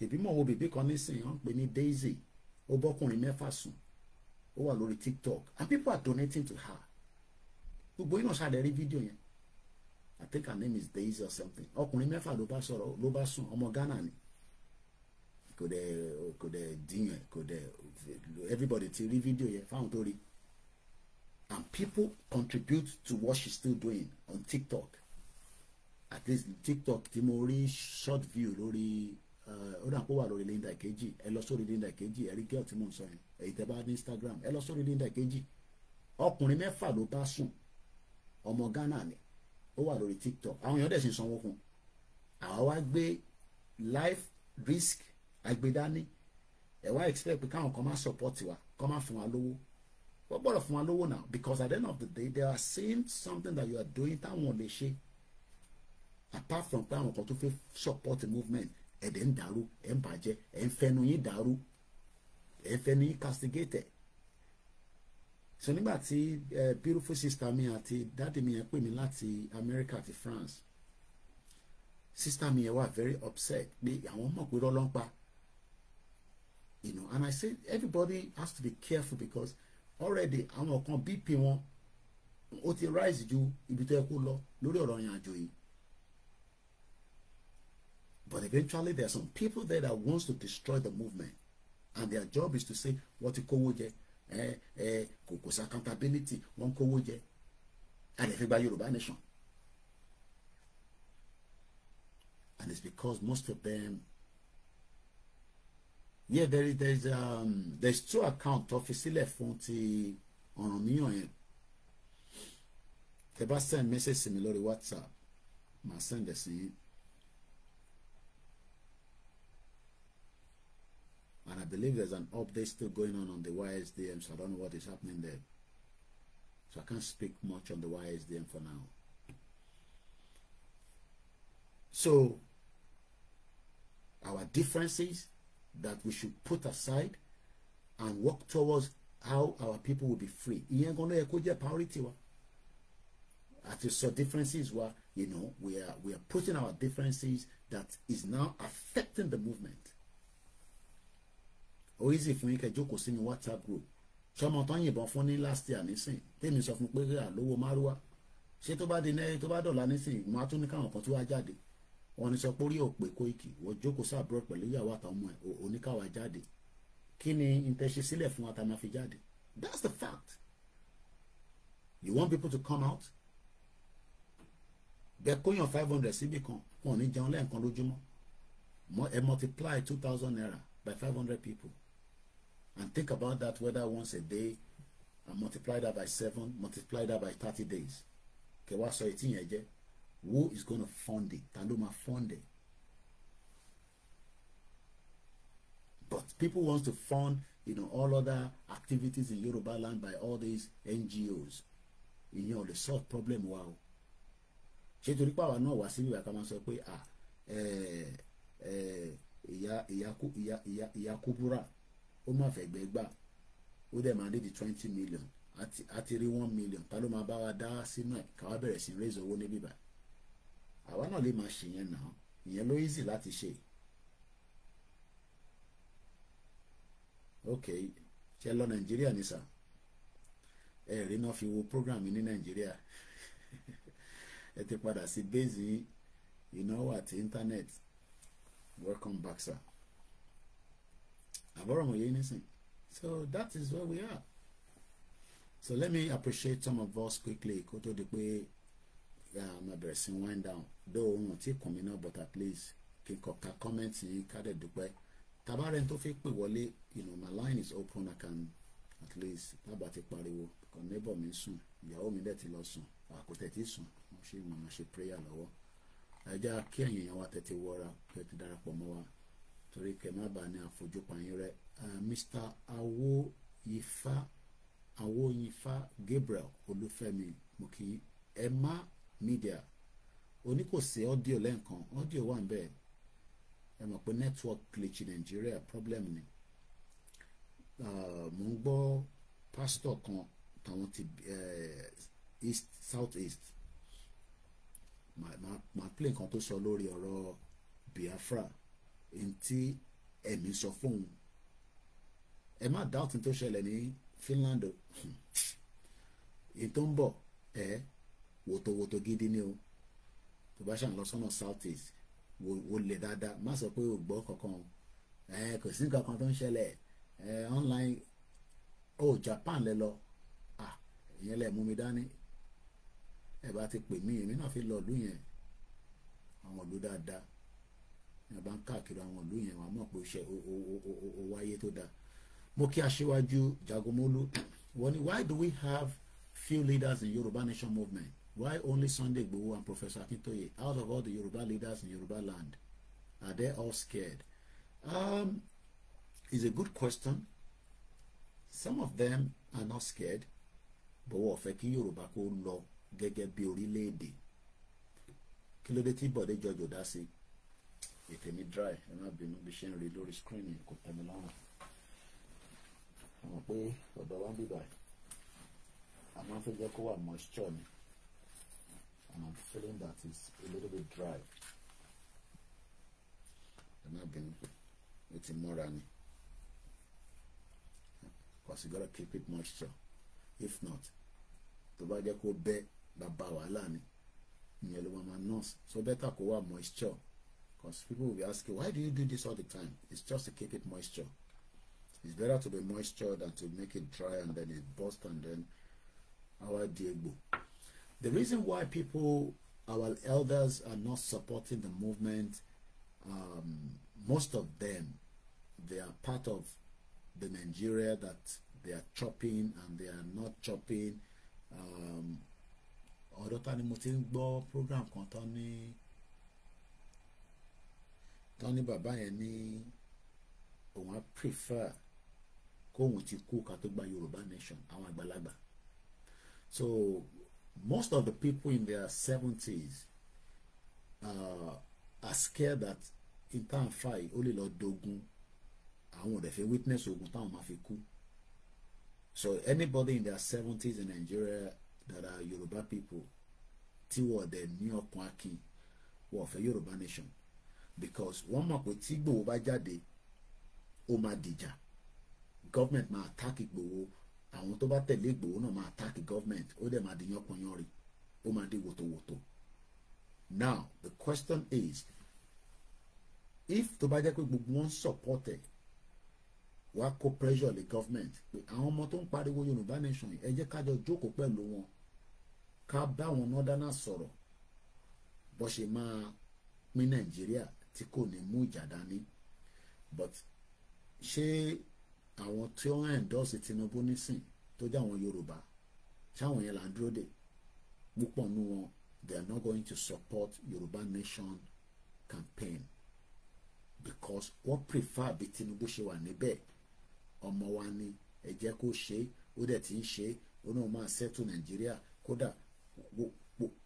ṣèbí mọ̀ wo bèbí kan nísìnyí wọ́n ń pè ní Daisy ó bọ́kùnrin mẹ́fà sùn ó wà lórí TikTok and people are donating to her gbogbo yìí náà ṣàlẹ̀ rí fídíò yẹn I think her name is Daisy or something ọkùnrin mẹ́fà ló bá sọ̀rọ̀ ló bá sùn ọmọ Ghana ni kò dẹ̀ kò dẹ̀ díyàn kò dẹ̀ everybody ti rí fídíò yẹn fáwọn tó rí and people contribute to what she's still doing on TikTok at least TikTok tí mo rí short view lórí uh, ó dà wà lórí Linda Ikeji ẹ lọ sórí Linda Ikeji ẹ rí girl tí mo ń sọ yẹn èyí tẹ bá ní Instagram ẹ lọ sórí Linda Ikeji ọkùnrin mẹ́fà ló bá sùn ọmọ Ghana ni ó wà lórí TikTok àwọn èèyàn dẹ̀ sì sanwó fún un àwa wá gbé life risk agbedani ẹ wá expect pé káwọn kan máa support wa kán máa fún wa lówó wọ́n gbọ́dọ̀ fún wa lówó náà because at the end of the day they are seeing something that you are doing táwọn ò lè ṣe apart from pé àwọn kan tó fẹ́ support the movement ẹ̀dẹ̀ ń dàrú ẹ̀ ń bàjẹ́ ẹ̀ ń fẹnu yín dàrú ẹ̀ ń fẹnu yín castigated so nígbà tí eh, beautiful sister mi àti dáàdì mi yẹn pè mí láti America àti France sister mi yẹn wà very upset pé àwọn mọ̀ pé rọ́lọ́pàá you know and I say everybody has to be careful because already àwọn kan bp wọn ó ti rise ju ibi tó yẹ kó lọ lórí ọ̀rọ̀ ìrìn àjò yìí but eventually there are some people there that wants to destroy the movement and their job is to say wọ́n ti kówó jẹ ẹ ẹ kò kò sí accountability wọ́n kówó jẹ àdẹ̀fẹ́gbà Yorùbá nation and it's because most of them yeah there is there um, there two account office fi sílẹ̀ fún ti ọ̀ràn míyàn yẹn tẹ́ bá send message sí mi whatsapp màá send the sí and I believe there's an update still going on on the YSDM so I don't know what is happening there so I can't speak much on the YSDM for now so our differences that we should put aside and work towards how our people will be free ìyẹn gan ló yẹ kó jẹ́ priority wa àti sọ differences wa you know we are we are putting our differences that is now affecting the movement ó easy fún yín kẹ́ jókòó sínú WhatsApp group sọmọ tán yìnbọn fún ní last year nísìn tèmi sọ fún pé àlówó márùwá ṣé tó bá di náírà tó bá dọ̀là nísìn mo tún ní káwọn kan tó wá jáde wọ́n ní sọ pé orí òpè Koiki wọ́n jókòó sí abroad pẹ̀lú ìyàwó àtàwọn ọmọ ẹ̀ oníkàwá jáde kí ni ìtẹ̀sí sílẹ̀ fún wa tá a máa fi jáde that's the fact you want people to come out bẹ́ẹ̀ kóyàn five hundred síbì kan wọn ò ní jẹun lẹ́ẹ̀kan lójúmọ́ ẹ multiply two thousand naira by five hundred people and think about that whether once a day and multiply that by seven multiply that by thirty days kẹwàá sọ ètí yẹn jẹ́ who is gonna fund it ta ló máa fund it but people want to fund you know all other activities in Yoruba land by all these NGOs ìyẹn ò the solve problem Wow. o ṣé torí pàwọn náà wá síbí ìwà ká máa sọ pé ah ìyá ìyá ìyá ìyá ìyá kúbúrà ó má fẹ́ gbẹ́ ó dẹ̀ máa dédi twenty million àti àti rí one million ta ló máa bá wa dá sínú ẹ̀ káwá bẹ̀rẹ̀ sí raise owó níbí báyìí àwa náà lè máa ṣe yẹn náà ìyẹn ló easy láti ṣe ok ṣe lọ nàìjíríà ní sà ẹ̀rí náà fi wo program ní nàìjíríà ẹ ti padà sí bẹ́ẹ̀sì ìnáwó àti internet welcome back sir àbọ̀rọ̀mọ̀ yẹn nísìn so that is where we are so let me appreciate some of us quickly kó tó di pé ah, máa bẹ̀rẹ̀ sí wind down though wọn ti kàn mí náà but at least kí n kọ ka comment yìí ká dẹ̀ dúpẹ́ tabarẹ́ tó fi pè wọlé you know my line is open I can at least tábà ti pariwo kan neighbor mi sùn ìyàwó mi dẹ̀ ti lọ sùn àkótẹ́ ti sùn mo ṣe màmá ṣe prayer lọ́wọ́ ẹ jẹ́ kí ẹ̀yin èèyàn wa tètè wọra kí ẹ ti darapọ̀ mọ́ wa torí kẹ má bàa ní àfojúpa rẹ Mr awoyifa awoyifa Gabriel Olúfẹ́mi mo kí media oní kò sí ọ́díò lẹ́ǹkan ọ́díò wà ń bẹ́ẹ̀ ẹ mọ̀ pé network glitch Nàìjíríà problem ni mo ń gbọ́ pásítọ̀ kan tàwọn ti east south east màá play nǹkan tó sọ lórí ọ̀rọ̀ Biafra ntí ẹ̀mí sọ fóun ẹ má dáàtì tó ṣẹlẹ̀ ní Finland èyí ń bọ̀ ẹ wòtòwòtò gidi ni o tó bá ṣàn lọ sọ́nà south east wo lè dáadáa má sọ pé o gbọ́ kankan kò sí nǹkan kan tó ń ṣẹlẹ̀ online o Japan lẹ lọ ìyẹn lẹ mú mi dání ẹ bá ti pè mí èmi náà fi lọ ìlú yẹn àwọn ìlú dáadáa ẹ bá ń káàkiri àwọn ìlú yẹn wọn mọ̀ pé o ṣe o wáyé tó dáa mo kí aṣíwájú Jagomolu wọ́n ní why do we have few leaders in Yorùbá nation movement Why only Sunday Igboho and Professor Akintoye? Out of all the Yoruba leaders in Yoruba land, are they all scared? Um, it's a good question. Some of them are not scared. But wọ́n fẹ́ kí Yorùbá kó lọ gẹ́gẹ́ bí orílẹ̀-èdè. Kí ló dé tí Bọ̀dé George dá sí? Ètè mi dry, ẹ má bínú bí ṣe ń rí lórí screen yìí kò tẹ́ mi lọ́rùn. Àwọn pé ọ̀dọ̀ wa ń bíbà, àmọ́ fẹ́ jẹ́ kó wà moisture ni and I'm feeling that it's a little bit dry ẹ má bínú ó more mọ́ra ni because you gotta keep it moisture if not the body could be the bàbá wàhálà ni ìyẹn ló máa so better kó wà moisture because people will be asking why do you do this all the time it's just to keep it moisture it's better to be moisture than to make it dry and then it burst and then our Diego. The reason why people, our elders, are not supporting the movement, um, most of them, they are part of the Nigeria that they are chopping and they are not chopping. Um, ọ̀dọ̀ ta ni mo ti ń gbọ́ program kan tán ní tán ní bàbá yẹn ní òun á prefer kóun ti kú ká tó gba Yorùbá nation àwọn àgbàlagbà so most of the people in their 70s uh, are scared that in town fight only Lord lọ dogun àwọn ò dẹ̀ fẹ́ witness ogun táwọn máa so anybody in their 70s in Nigeria that are Yoruba people tí the new ní ọkàn akin wọ́n fẹ́ Yorùbá nation because one mọ̀ pé tí Ìgbòho bá jáde ó máa government ma attack Ìgbòho àwọn tó bá tẹ̀lé Ìgbòho náà máa attack government ó dẹ̀ máa di yánpọnyánrin ó máa di wòtòwòtò now the question is if tó bá jẹ́ pé gbogbo wọn support wá kó pressure lé government pé àwọn ọmọ tó ń pariwo Yorùbá nation ẹ jẹ́ ká jọ jókòó pẹ̀lú wọn ká bá wọn nọ́dánà sọ̀rọ̀ bó ṣe máa pín Nàìjíríà tí kò ní mú ìjà dání but ṣé àwọn tí ó ń endorse Tinubu nísìn tó jẹ́ àwọn Yorùbá ṣáwọn yẹn là ń dúró dè púpọ̀ nù wọn they are not going to support Yorùbá nation campaign because wọ́n prefer bí Tinubu ṣe wà níbẹ̀ ọmọ wa ni ẹ jẹ́ kó ṣe é ó dẹ̀ ti ń ṣe é ó náà máa settle Nàìjíríà kódà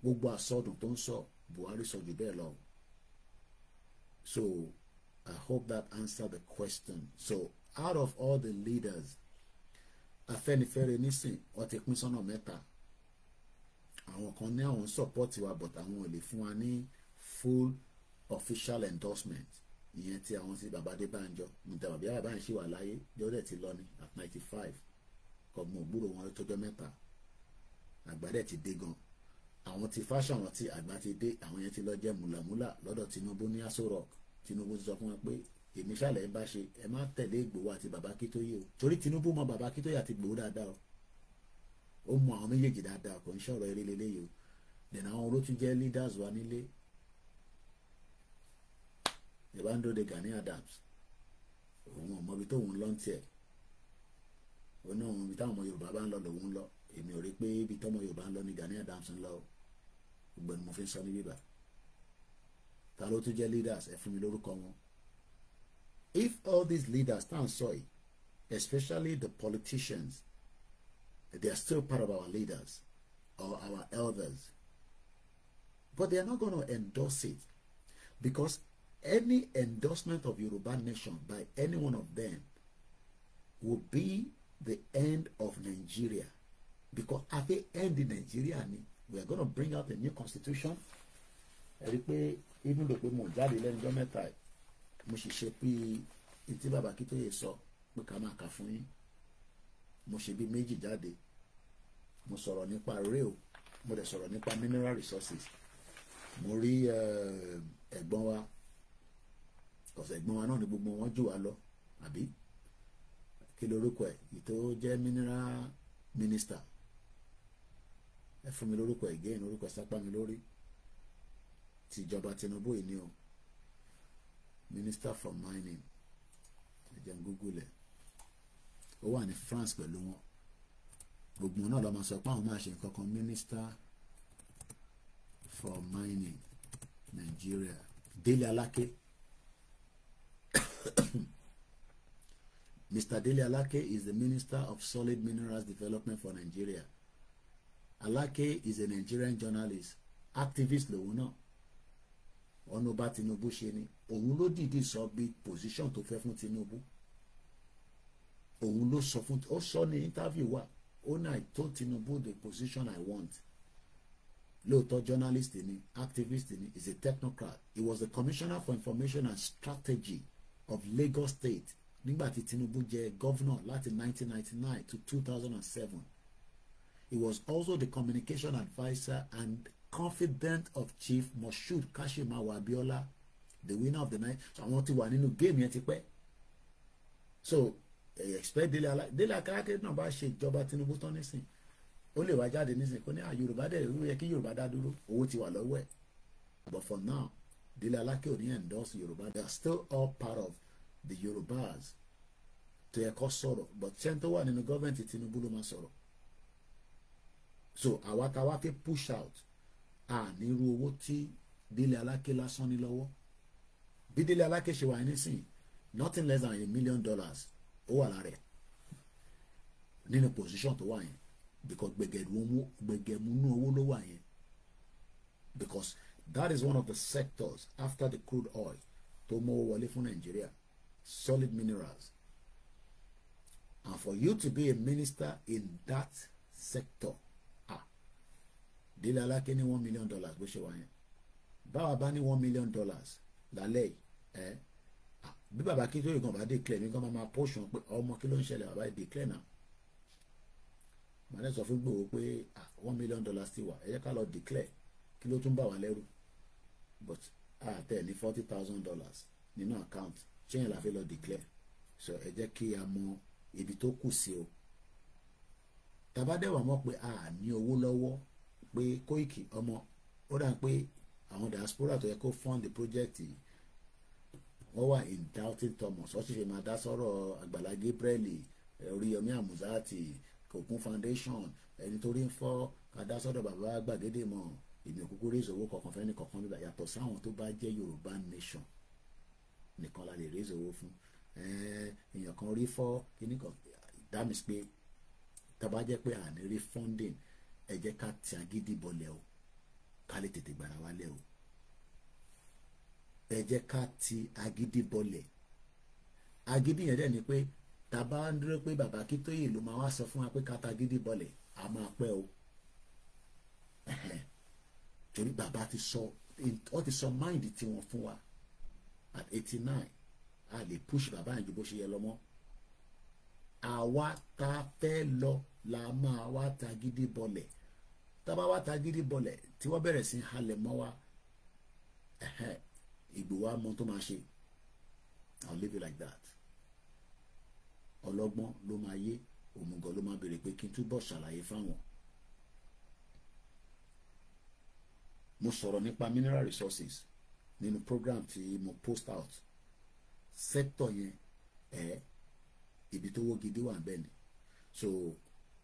gbogbo àsọdùn tó ń sọ Buhari sọ jù bẹ́ẹ̀ lọ so I hope that answer the question so out of all the leaders Afẹ́nifẹ́re nísìn wọ́n ti pín sọ́nà mẹ́ta àwọn kan ní àwọn support wa but àwọn ò lè fún wa ní full official endorsement ìyẹn tí àwọn sí baba Adébánjọ níta bàbá bàbá yẹn ṣì wà láyé jọdẹ ti lọ ní at ninety five kọgbọn ògbúrò wọn tọjọ mẹ́ta àgbàdẹ ti dé gan àwọn ti fashion àwọn ti àgbà ti dé àwọn yẹn ti lọ jẹ múlàmúlà lọ́dọ̀ Tinubu ní Aso Rock Tinubu ti sọ fún wọn pé èmi ṣàlẹ̀ ń bá ṣe ẹ má tẹ̀lé Ìgbòho àti bàbá Akíntóyè o torí Tinubu mọ bàbá Akíntóyè àti Ìgbòho dáadáa o ó mọ àwọn méjèèjì dáadáa kò ń ṣọ̀rọ̀ eré lélẹ́yìí o dènà àwọn olótú jẹ́ leaders wa nílé ìbándo de Gani Adams òun ò mọbi tóun lọ ń tiẹ̀ òun náà ibi táwọn ọmọ Yorùbá bá ń lọ lòun ń lọ èmi ò rí pé ibi tọ́mọ Yorùbá ń lọ ni Gani Adams ń lọ o gbogbo mo fi ń sọ ní bíbá ta ló tún jẹ́ leaders ẹ fún mi lórúkọ wọn if all these leaders stand, à especially the politicians they are still part of our leaders or our elders but they are not going to endorse it because any endorsement of Yoruba nation by any one of them will be the end of Nigeria because at the end in Nigeria we are going to bring out a new constitution ẹ rí i pé even though pé mo jáde lẹ́nu jọ́ mo sì ṣe bí etí bàbá Akíntóyè sọ pé ká máa kà fún yín mo ṣe bí méjì jáde mo sọ̀rọ̀ nípa rail mo dẹ̀ sọ̀rọ̀ nípa mineral resources mo rí eh, ẹ̀gbọ́n wa ọ̀sẹ̀ ẹ̀gbọ́n wa náà ni gbogbo wọn jù wá lọ àbí kí lorúkọ ẹ̀ ìtò jẹ́ mineral minister ẹ fún mi lórúkọ ẹ̀gẹ́ ìnú orúkọ sápá mi lórí tìjọba Tinubu yìí ni o minister for mining ẹ̀jẹ̀ ń google ẹ̀ ó wà ní France pẹ̀lú wọn gbogbo náà lọ́ọ́ máa sọ pé àwọn máa ṣe nǹkan kan minister for mining Nigeria Délé Aláké Mr. Dele Alake is the Minister of Solid Minerals Development for Nigeria. Alake is a Nigerian journalist, activist lòun náà. Ọ̀nà ọba Tinubu ṣe ni òun ló dìde sọ bí position tó fẹ́ fún Tinubu òun ló sọ fún ó sọ ní interview wa ó ní I told Tinubu the position I want lóòótọ́ journalist ni activist ni is a technocrat he was the commissioner for information and strategy of Lagos State nígbà tí Tinubu jẹ governor láti 1999 to 2007 he was also the communication adviser and confidant of Chief Moshood Kashima Wabiola the winner of the night so àwọn ti wà nínú géèmù yẹn ti pẹ́ so expect Dele Alli Dele Akereke náà bá ṣe ìjọba Tinubu tán nísìn ó lè wá jáde nísìn kó ní à ah, Yorùbá dẹ̀ ló yẹ kí Yorùbá dá dúró owó ti wà lọ́wọ́ ẹ̀ but for now Dele Akereke ò ní endorse Yorùbá they are still all part of the Yorùbás to yẹ kó sọ̀rọ̀ but ṣẹ́ni tó wà nínú gọ́ọ̀mẹ̀ntì Tinubu ló máa sọ̀rọ̀ so àwa ta wá fi push out ànírú owó tí Dele Akereke lásán ní lọ́wọ́ bí Délé Aláké ṣe wà nísìn nothing less than a million dollars ó wà lára ẹ̀ nínú position tó wà yẹn because gbẹgẹmúnú owó ló wà yẹn because that is one of the sectors after the crude oil tó mọ́ wọlé fún Nàìjíríà solid minerals and for you to be a minister in that sector ah Délé Aláké ní one million dollars bó ṣe wà yẹn báwa bá ní one million dollars lálẹ́ yìí ẹ bí bàbá Akíntóyè kan bá declare mi kan máa máa portion pé ọmọ kí ló ń ṣẹlẹ̀ bàbá declare náà màá dẹ́ sọ fún Ìgbòho pé one million dollars ti wà ẹ ká lọ declare kí ló tún bà wá lẹ́rù but àtẹ̀ ní forty thousand dollars nínú account ṣé yẹn la fi lọ declare so ẹ jẹ́ kí a mọ ibi tó kù sí o tabadẹ́wà mọ̀ pé a ní owó lọ́wọ́ pé Kóìkì ọmọ ó dà pé àwọn diaspora tó yẹ kó fund the project yìí wọ́n wà in doubting Thomas wọ́n sì fi máa dá sọ̀rọ̀ Àgbàlá Gabriel Oríyọmí Amuzati Kokun Foundation ẹni tó rí ń fọ́ kàdá sọ̀rọ̀ bàbá gbàgede mọ̀ èmi òkúkú raise owó kọ̀ọ̀kan fẹ́ni kọ̀ọ̀kan bíbá yàtọ̀ sáwọn tó bá jẹ́ Yorùbá nation nìkan la lè raise owó fún èèyàn kan rí fọ́ kíní kan that means pé tàbá jẹ́ pé àní rí funding ẹ jẹ́ ká ti agídí bọlẹ̀ o ká lè tètè gbàrà wálẹ̀ o ẹ jẹ́ ká ti agídí bọlẹ̀ agídí yẹn dẹ̀ ni pé tá bá ń dúró pé bàbá Akíntóyè ló máa wá sọ fún wa pé ká ta agídí bọlẹ̀ a máa pẹ́ o torí bàbá ti sọ ọ ti sọ máìndì tiwọn fún wa at eighty nine a lè push bàbá yẹn ju bó ṣe yẹ lọ mọ́ àwa tá fẹ́ lọ la máa wá ta gidi bọlẹ̀ tá bá wá ta gidi bọlẹ̀ tí wọ́n bẹ̀rẹ̀ sí halẹ̀ mọ́ wa Ìgbòho á mọ tó máa ṣe I'll leave it like that ọlọ́gbọ́n ló máa yé òmùgọ̀ ló máa béèrè pé kí n túbọ̀ ṣàlàyé fáwọn mo sọ̀rọ̀ nípa mineral resources nínú program tí mo post out sector yẹn ẹ̀ ibi tó wó gidi wà bẹ́ẹ̀ ni so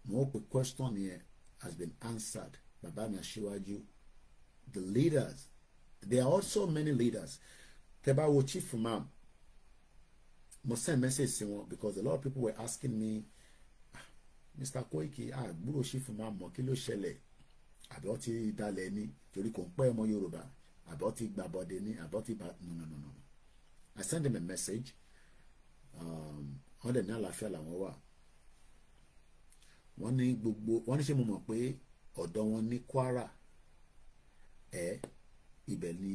mo hope question yẹn has been answered bàbá mi aṣíwájú the leaders there are also many leaders tẹ́ wo chief imam mo send message sí wọn because a lot of people were asking me ah, Mr. Koiki ah, àgbúrò chief imam mo kilo ló ṣẹlẹ̀ àbí ó ti dalẹ̀ ni torí kò ń pẹ́ ọmọ Yorùbá àbí ó ti gbàbọ̀dé ni àbí ti no no no no I send them a message um, wọ́n the nala àlàáfíà làwọn wà wọ́n ní gbogbo wọ́n ní ṣe mo mọ̀ pé ọ̀dọ̀ wọn ní Kwara Eh, ibẹ̀ ni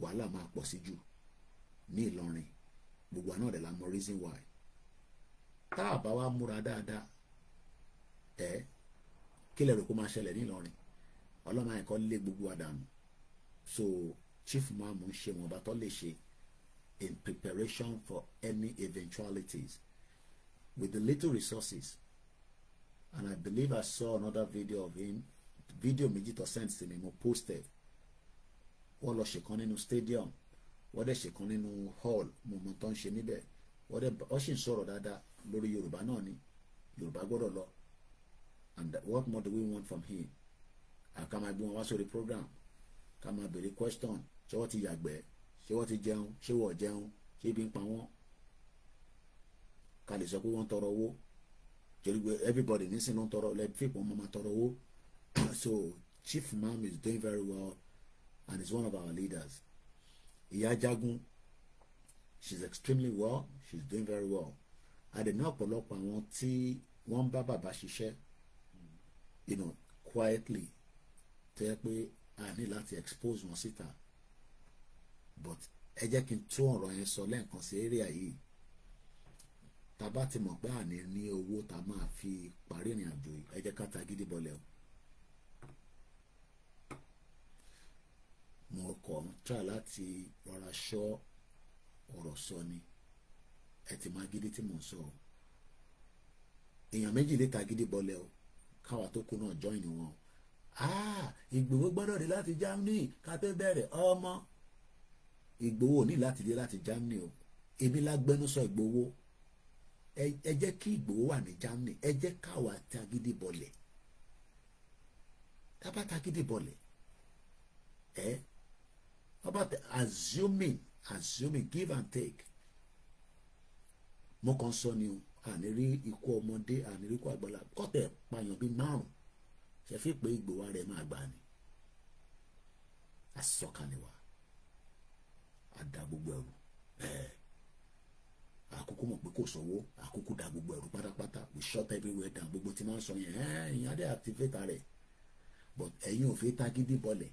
wàhálà máa pọ̀ sí jù ní Ìlọrin gbogbo àná rẹ̀ la mọ reason why tá a bá wa múra dáadáa ẹ kí lè rò kó máa ṣẹlẹ̀ ní Ìlọrin ọlọ́mọ ẹ̀kọ́ lé gbogbo àdàmú so chief maamu ń ṣe wọn bá tọ́ lè ṣe in preparation for any eventualities with the little resources and I believe I saw another video of him video méjì tó send to me mo posted wọ́n lọ ṣèkan nínú stadium wọ́n dẹ̀ ṣèkan nínú hall mọ̀mọ́ tó ń ṣe níbẹ̀ wọ́n dẹ̀ ọ́ sì ń sọ̀rọ̀ dáadáa lórí yorùbá náà ni yorùbá gbọ́dọ̀ lọ and what more do we want from him àká máa gbé wọn wá sórí program ká máa béèrè question ṣé wọ́n ti yàgbẹ́ ṣé wọ́n ti jẹun ṣé wọ́n jẹun ṣé ibi ń pa wọ́n ká lè sọ pé wọ́n tọrọ owó torí pé everybody nísìnyí ló ń tọrọ lẹ́ẹ̀fíìpọ̀ máa tọrọ owó so chief imam is doing very well and is one of our leaders. Ìyá Jagun she's extremely well she's doing very well. Àdènà ọ̀pọ̀lọpọ̀ àwọn tí wọ́n ń bá bàbá ṣiṣẹ́ you know quietly tó yẹ pé a ní láti expose wọn síta but ẹ jẹ́ kí n tún ọ̀rọ̀ yẹn sọ lẹ́ẹ̀kan sí area yìí tá a bá ti mọ̀ pé àní ní owó tá máa fi parí ìrìn àjò yìí ẹ jẹ́ ká ta gidi bọlẹ̀ o mo kọ̀ ń tà láti rọra ṣọ́ ọ̀rọ̀ sọ ni ẹ ti máa gidi tí mò ń sọ o èèyàn méjì lè ta gidi bọ́lẹ̀ o káwa tó kú náà join wọn ah, ìgbòho gbọ́dọ̀ dé láti Germany ká tó bẹ̀rẹ̀ ọmọ ìgbòho ní láti dé láti Germany o èmi lágbẹnusọ ìgbòho ẹ jẹ́ kí ìgbòho wà ní Germany ẹ jẹ́ káwa ta gidi bọ́lẹ̀ tábà ta gidi bọ́lẹ̀ ẹ. Eh? How about the assuming? Assuming, give and take. Mo kàn sọ ni o, àníri ikú ọmọdé, àníri ikú àgbàlá, kọ́tẹ̀ pààyàn bíi márùn-ún. Ṣé fi pé ìgbòwá rẹ̀ máa gbà ni? Àsọ̀kalẹ̀ wa, àdá gbogbo ẹrù. Àkókò mọ̀ so wo. sówó, àkókò dá gbogbo ẹrù we shot everywhere down, gbogbo tí máa ń sọ yẹn, ẹ̀yìn activate rẹ̀. But ẹ̀yin ò fi tagídí bọlẹ̀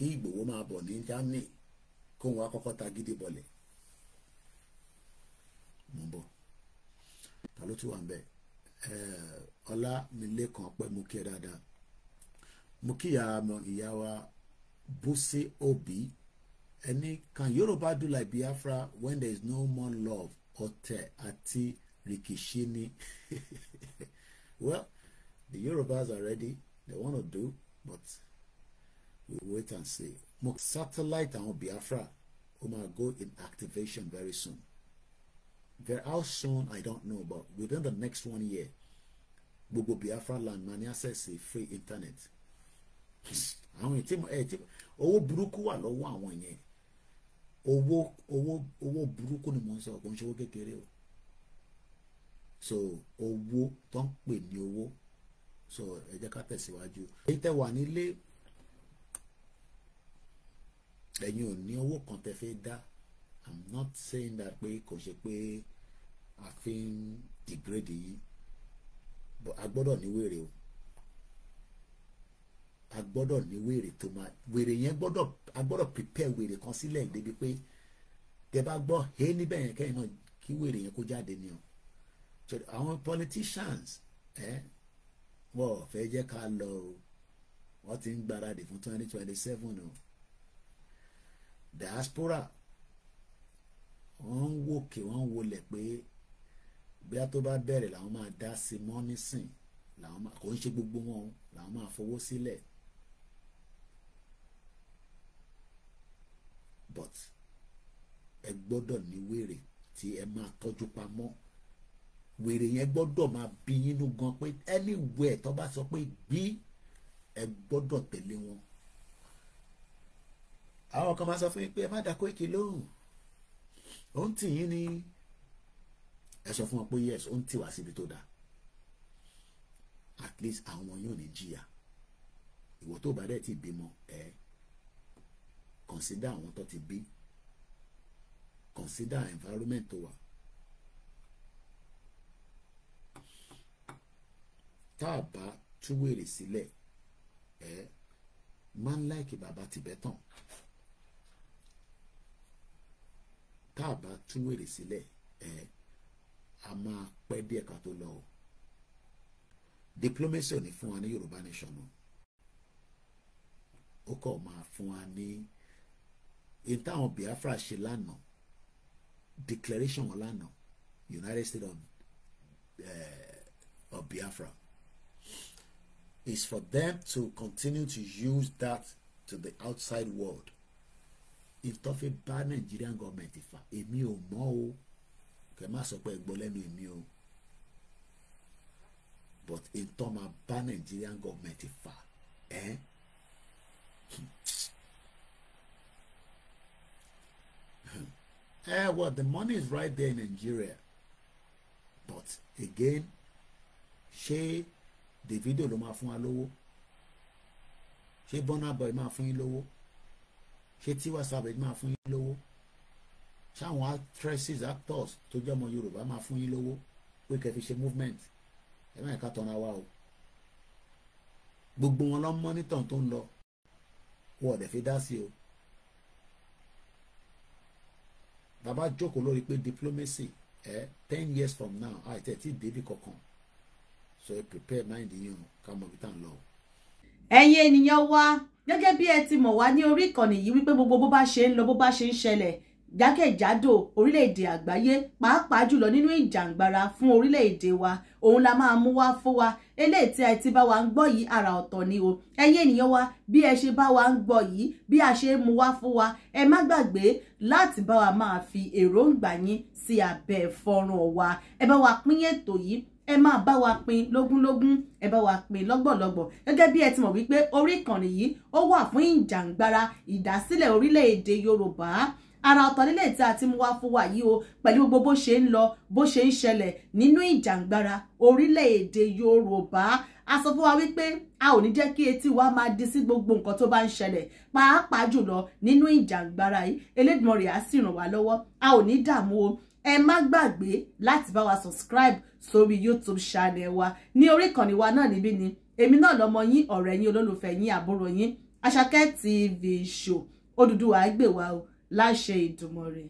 kí Ìgbòho máa bọ̀ ní Germany kóun wá kọ́kọ́ ta gidi bọ̀lẹ̀ mo bọ̀ ta ló tún wà ń bẹ̀ ọlá mi lẹ́kàn pẹ́ mo kí ẹ dáadáa mo kí ìyá wa Bùsí Òbí ẹni can Yorùbá do like Biafra when there is no more love ọ̀tẹ̀ àti rìkìṣí ni well the Yorùbás are ready they wanna do but we wait and see mo satellite àwọn Biafra ó máa go in activation very soon very how soon I don't know but within the next one year gbogbo Biafra land máa ní access to free internet àwọn ètí ẹ ti owó burúkú wà lọ́wọ́ àwọn yẹn owó owó owó burúkú ni mo ń sọ kò ń ṣe owó kékeré o so owó tó ń pè ní owó so ẹ jẹ́ ká tẹ̀síwájú èyí tẹ́ wà nílé ẹ̀yin ò ní owó kan tẹ́ fẹ́ dá i'm not saying that pé kò ṣe pé a fi ń degrade yìí but a gbọ́dọ̀ ní wèrè o a gbọ́dọ̀ ní wèrè tó máa wèrè yẹn gbọ́dọ̀ a gbọ́dọ̀ prepare wèrè kan sílẹ̀ débi pé tẹ́ bá gbọ́ he níbẹ̀ yẹn kẹ́yìn náà kí wèrè yẹn kó jáde ni o àwọn politicians ẹ wọ́n fẹ́ jẹ́ ká lọ o wọ́n ti ń gbáradì fún twenty twenty seven o diaspora wọ́n ń wòkè wọ́n ń wọlẹ̀ pé bí a tó bá bẹ̀rẹ̀ làwọn máa dá sí mọ́ nísìn làwọn máa kò ń ṣe gbogbo wọn làwọn máa fowó sílẹ̀ but ẹ gbọ́dọ̀ ní wèrè tí ẹ máa tọ́jú pamọ́ wèrè yẹn gbọ́dọ̀ máa bí yín nú gan pé anywhere tó bá sọ pé bí ẹ gbọ́dọ̀ tẹ̀lé wọn àwọn kan máa sọ fún yín pé ẹ má dá Koiki lóhùn ó ń tì yín ni ẹ sọ fún wọn pé yes ó ń tì wá síbi tó dáa at least àwọn ọmọ yóò ní jìyà ìwọ tó bá dẹ̀ ti bímọ ẹ consider àwọn tó ti bí consider environment tó wà. tá a bá túwèrè sílẹ̀ ẹ máa ń láìkì bàbá tìbẹ́tàn tá a bá tún wèrè sílẹ̀ ẹ a máa pẹ́ díẹ̀ ká tó lọ o diplomacy ò ní fún wa ní Yorùbá nation o ó kọ́ máa fún wa ní in táwọn Biafra ṣe lánàá declaration wọn lánàá United States of, uh, of Biafra is for them to continue to use that to the outside world ìtọ́ fi bá Nigerian government fà èmi ò mọ̀ o kẹ má sọ pé gbọ́ lẹ́nu èmi o but ìtọ́ máa bá Nigerian government fà ẹ́ eh well the money is right there in Nigeria but again ṣé Davido ló máa fún wa lówó ṣé Burna Boy máa fún yín lówó ṣé tí whatsapp ẹ̀ máa fún yín lówó ṣáwọn actresses actors tó jẹ́ ọmọ yorùbá máa fún yín lówó pé kẹ́ fi ṣe movement ẹ má yẹ ká tọ́ra wa o gbogbo wọn lọ mọ́nítàn tó ń lọ wọ́n ọ̀dẹ̀ fi dá sí o bàbá jókòó lórí pé diplomacy ẹ ten years from now àìtẹ́ tí débi kankan so ẹ prepare mind yín o ká mọ̀ bí tá à ń lọ. ẹ̀yin ènìyàn wa gẹ́gẹ́ bí ẹ ti mọ̀ wá ní orí ìkànnì yìí wípé gbogbo bó bá ṣe ń lọ bó bá ṣe ń ṣẹlẹ̀ jákèjádò orílẹ̀-èdè àgbáyé pàápàá jùlọ nínú ìjàǹgbara fún orílẹ̀-èdè wa òun la máa mú wá fún wa eléyìí tí ẹ ti bá wa ń gbọ́ yìí àrà ọ̀tọ̀ ni o ẹ̀yin ènìyàn wa bí ẹ ṣe bá wa ń gbọ́ yìí bí a ṣe mú wá fún wa ẹ má gbàgbé láti bá wa máa fi èròǹgbà yín sí abẹ́ fọ́nrán wa ẹ bá wa pín ètò yìí ẹ máa bá wa pín lógúnlógún ẹ bá wa pín lọ́gbọ̀lọ́gbọ̀ gẹ́gẹ́ bí ẹ ti mọ̀ wípé orí ìkànnì yìí ó wà fún ìjàǹgbara ìdásílẹ̀ orílẹ̀-èdè Yorùbá ara ọ̀tọ̀ nílẹ̀ tí a ti mú wá fún wa yìí o pẹ̀lú gbogbo bó ṣe ń lọ bó ṣe ń ṣẹlẹ̀ nínú ìjàǹgbara orílẹ̀-èdè Yorùbá a sọ fún wa wípé a ò ní jẹ́ kí etí wa máa di sí gbogbo nǹkan tó bá ń ṣẹlẹ̀ pàápàá jùlọ nínú ìjàǹgbara yìí Elédùmarè á sì ràn wá lọ́wọ́ a ò ní dààmú o ẹ má gbàgbé láti bá wa subscribe sórí youtube channel wa ní orí ìkànnì wa náà níbí ni èmi náà lọmọ yín ọ̀rẹ́ yín olólùfẹ́ yín àbúrò yín Àṣàkẹ́ TV show Odùduwà gbè wa o láṣẹ Ìdùmarè.